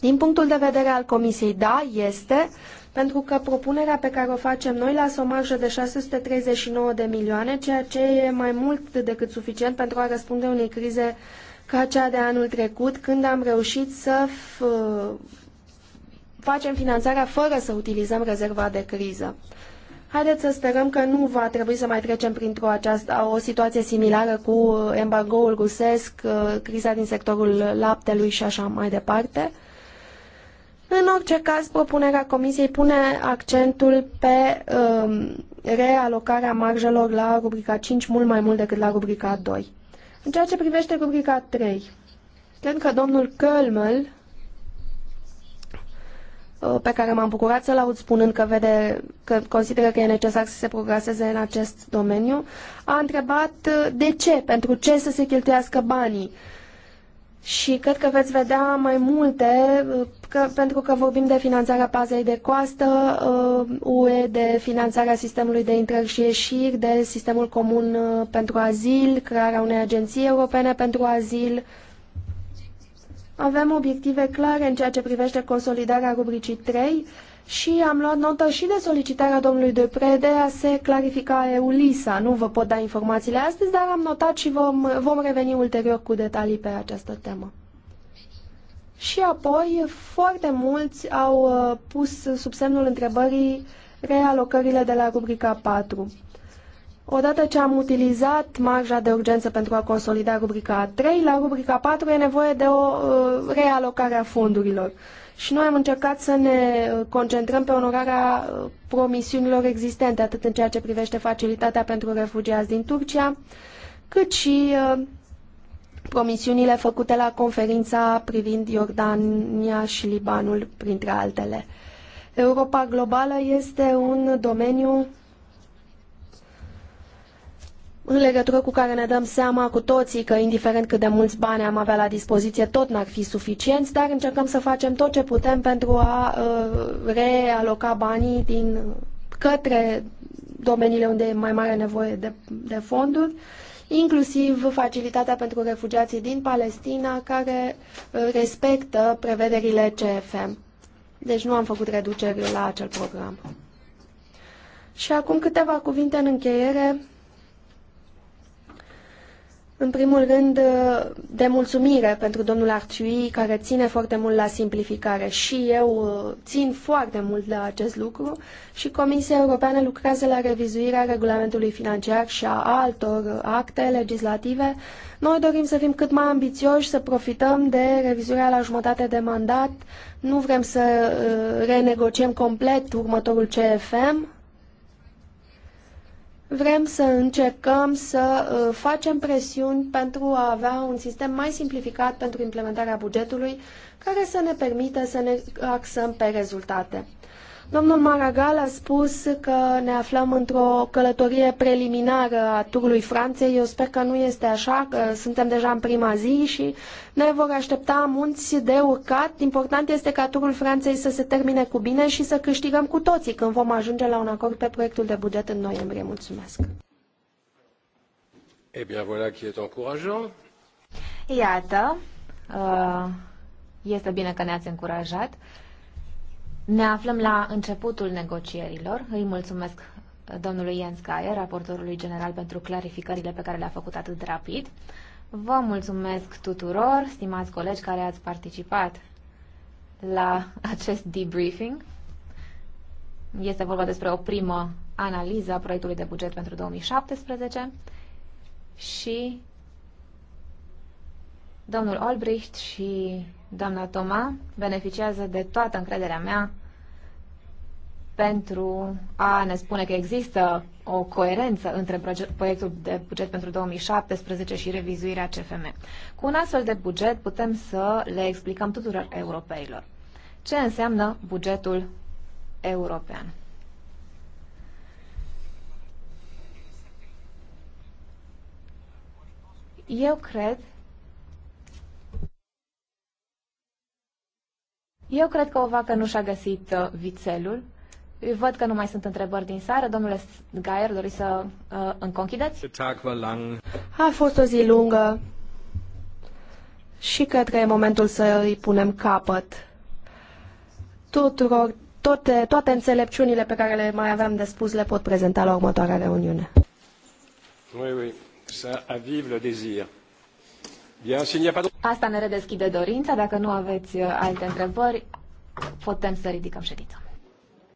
Din punctul de vedere al Comisiei, da, este, pentru că propunerea pe care o facem noi lasă o marjă de 639 de milioane, ceea ce e mai mult decât suficient pentru a răspunde unei crize ca cea de anul trecut, când am reușit să facem finanțarea fără să utilizăm rezerva de criză. Haideți să sperăm că nu va trebui să mai trecem printr-o această, o situație similară cu embargoul rusesc, criza din sectorul laptelui și așa mai departe. În orice caz, propunerea Comisiei pune accentul pe um, realocarea marjelor la rubrica 5 mult mai mult decât la rubrica 2. În ceea ce privește rubrica 3, cred că domnul Kölmel, uh, pe care m-am bucurat să-l aud spunând că, vede, că consideră că e necesar să se progreseze în acest domeniu, a întrebat uh, de ce, pentru ce să se cheltuiască banii și cred că veți vedea mai multe, că, pentru că vorbim de finanțarea pazei de coastă, uh, UE, de finanțarea sistemului de intrări și ieșiri, de sistemul comun uh, pentru azil, crearea unei agenții europene pentru azil. Avem obiective clare în ceea ce privește consolidarea rubricii 3, și am luat notă și de solicitarea domnului Depre de a se clarifica EULISA. Nu vă pot da informațiile astăzi, dar am notat și vom, vom reveni ulterior cu detalii pe această temă. Și apoi, foarte mulți au uh, pus sub semnul întrebării realocările de la rubrica 4. Odată ce am utilizat marja de urgență pentru a consolida rubrica 3, la rubrica 4 e nevoie de o uh, realocare a fondurilor și noi am încercat să ne uh, concentrăm pe onorarea uh, promisiunilor existente, atât în ceea ce privește facilitatea pentru refugiați din Turcia, cât și uh, promisiunile făcute la conferința privind Iordania și Libanul, printre altele. Europa globală este un domeniu în legătură cu care ne dăm seama cu toții că, indiferent cât de mulți bani am avea la dispoziție, tot n-ar fi suficienți, dar încercăm să facem tot ce putem pentru a uh, realoca banii din, către domeniile unde e mai mare nevoie de, de fonduri, inclusiv facilitatea pentru refugiații din Palestina, care uh, respectă prevederile CFM. Deci nu am făcut reduceri la acel program. Și acum câteva cuvinte în încheiere în primul rând, uh, de mulțumire pentru domnul Arciui, care ține foarte mult la simplificare și eu uh, țin foarte mult la acest lucru și Comisia Europeană lucrează la revizuirea regulamentului financiar și a altor acte legislative. Noi dorim să fim cât mai ambițioși, să profităm de revizuirea la jumătate de mandat. Nu vrem să uh, renegociem complet următorul CFM, Vrem să încercăm să uh, facem presiuni pentru a avea un sistem mai simplificat pentru implementarea bugetului, care să ne permită să ne axăm pe rezultate. Domnul Maragall a spus că ne aflăm într-o călătorie preliminară a turului Franței. Eu sper că nu este așa, că suntem deja în prima zi și ne vor aștepta munți de urcat. Important este ca turul Franței să se termine cu bine și să câștigăm cu toții când vom ajunge la un acord pe proiectul de buget în noiembrie. Mulțumesc! Eh bien, voilà qui est encourageant. Iată, uh, este bine că ne-ați încurajat. Ne aflăm la începutul negocierilor. Îi mulțumesc domnului Jens Geier, raportorului general, pentru clarificările pe care le-a făcut atât de rapid. Vă mulțumesc tuturor, stimați colegi care ați participat la acest debriefing. Este vorba despre o primă analiză a proiectului de buget pentru 2017 și Domnul Albrecht și doamna Toma beneficiază de toată încrederea mea pentru a ne spune că există o coerență între proiectul de buget pentru 2017 și revizuirea CFM. Cu un astfel de buget putem să le explicăm tuturor europeilor ce înseamnă bugetul european. Eu cred Eu cred că o vacă nu și-a găsit uh, vițelul. Eu văd că nu mai sunt întrebări din sară. Domnule Gaier, doriți să uh, înconchideți? A fost o zi lungă și cred că e momentul să îi punem capăt. Tuturor, toate, toate înțelepciunile pe care le mai aveam de spus le pot prezenta la următoarea reuniune. Oui, oui. Ça avive le désir. Asta ne redeschide dorința. Dacă nu aveți uh, alte întrebări, putem să ridicăm ședința.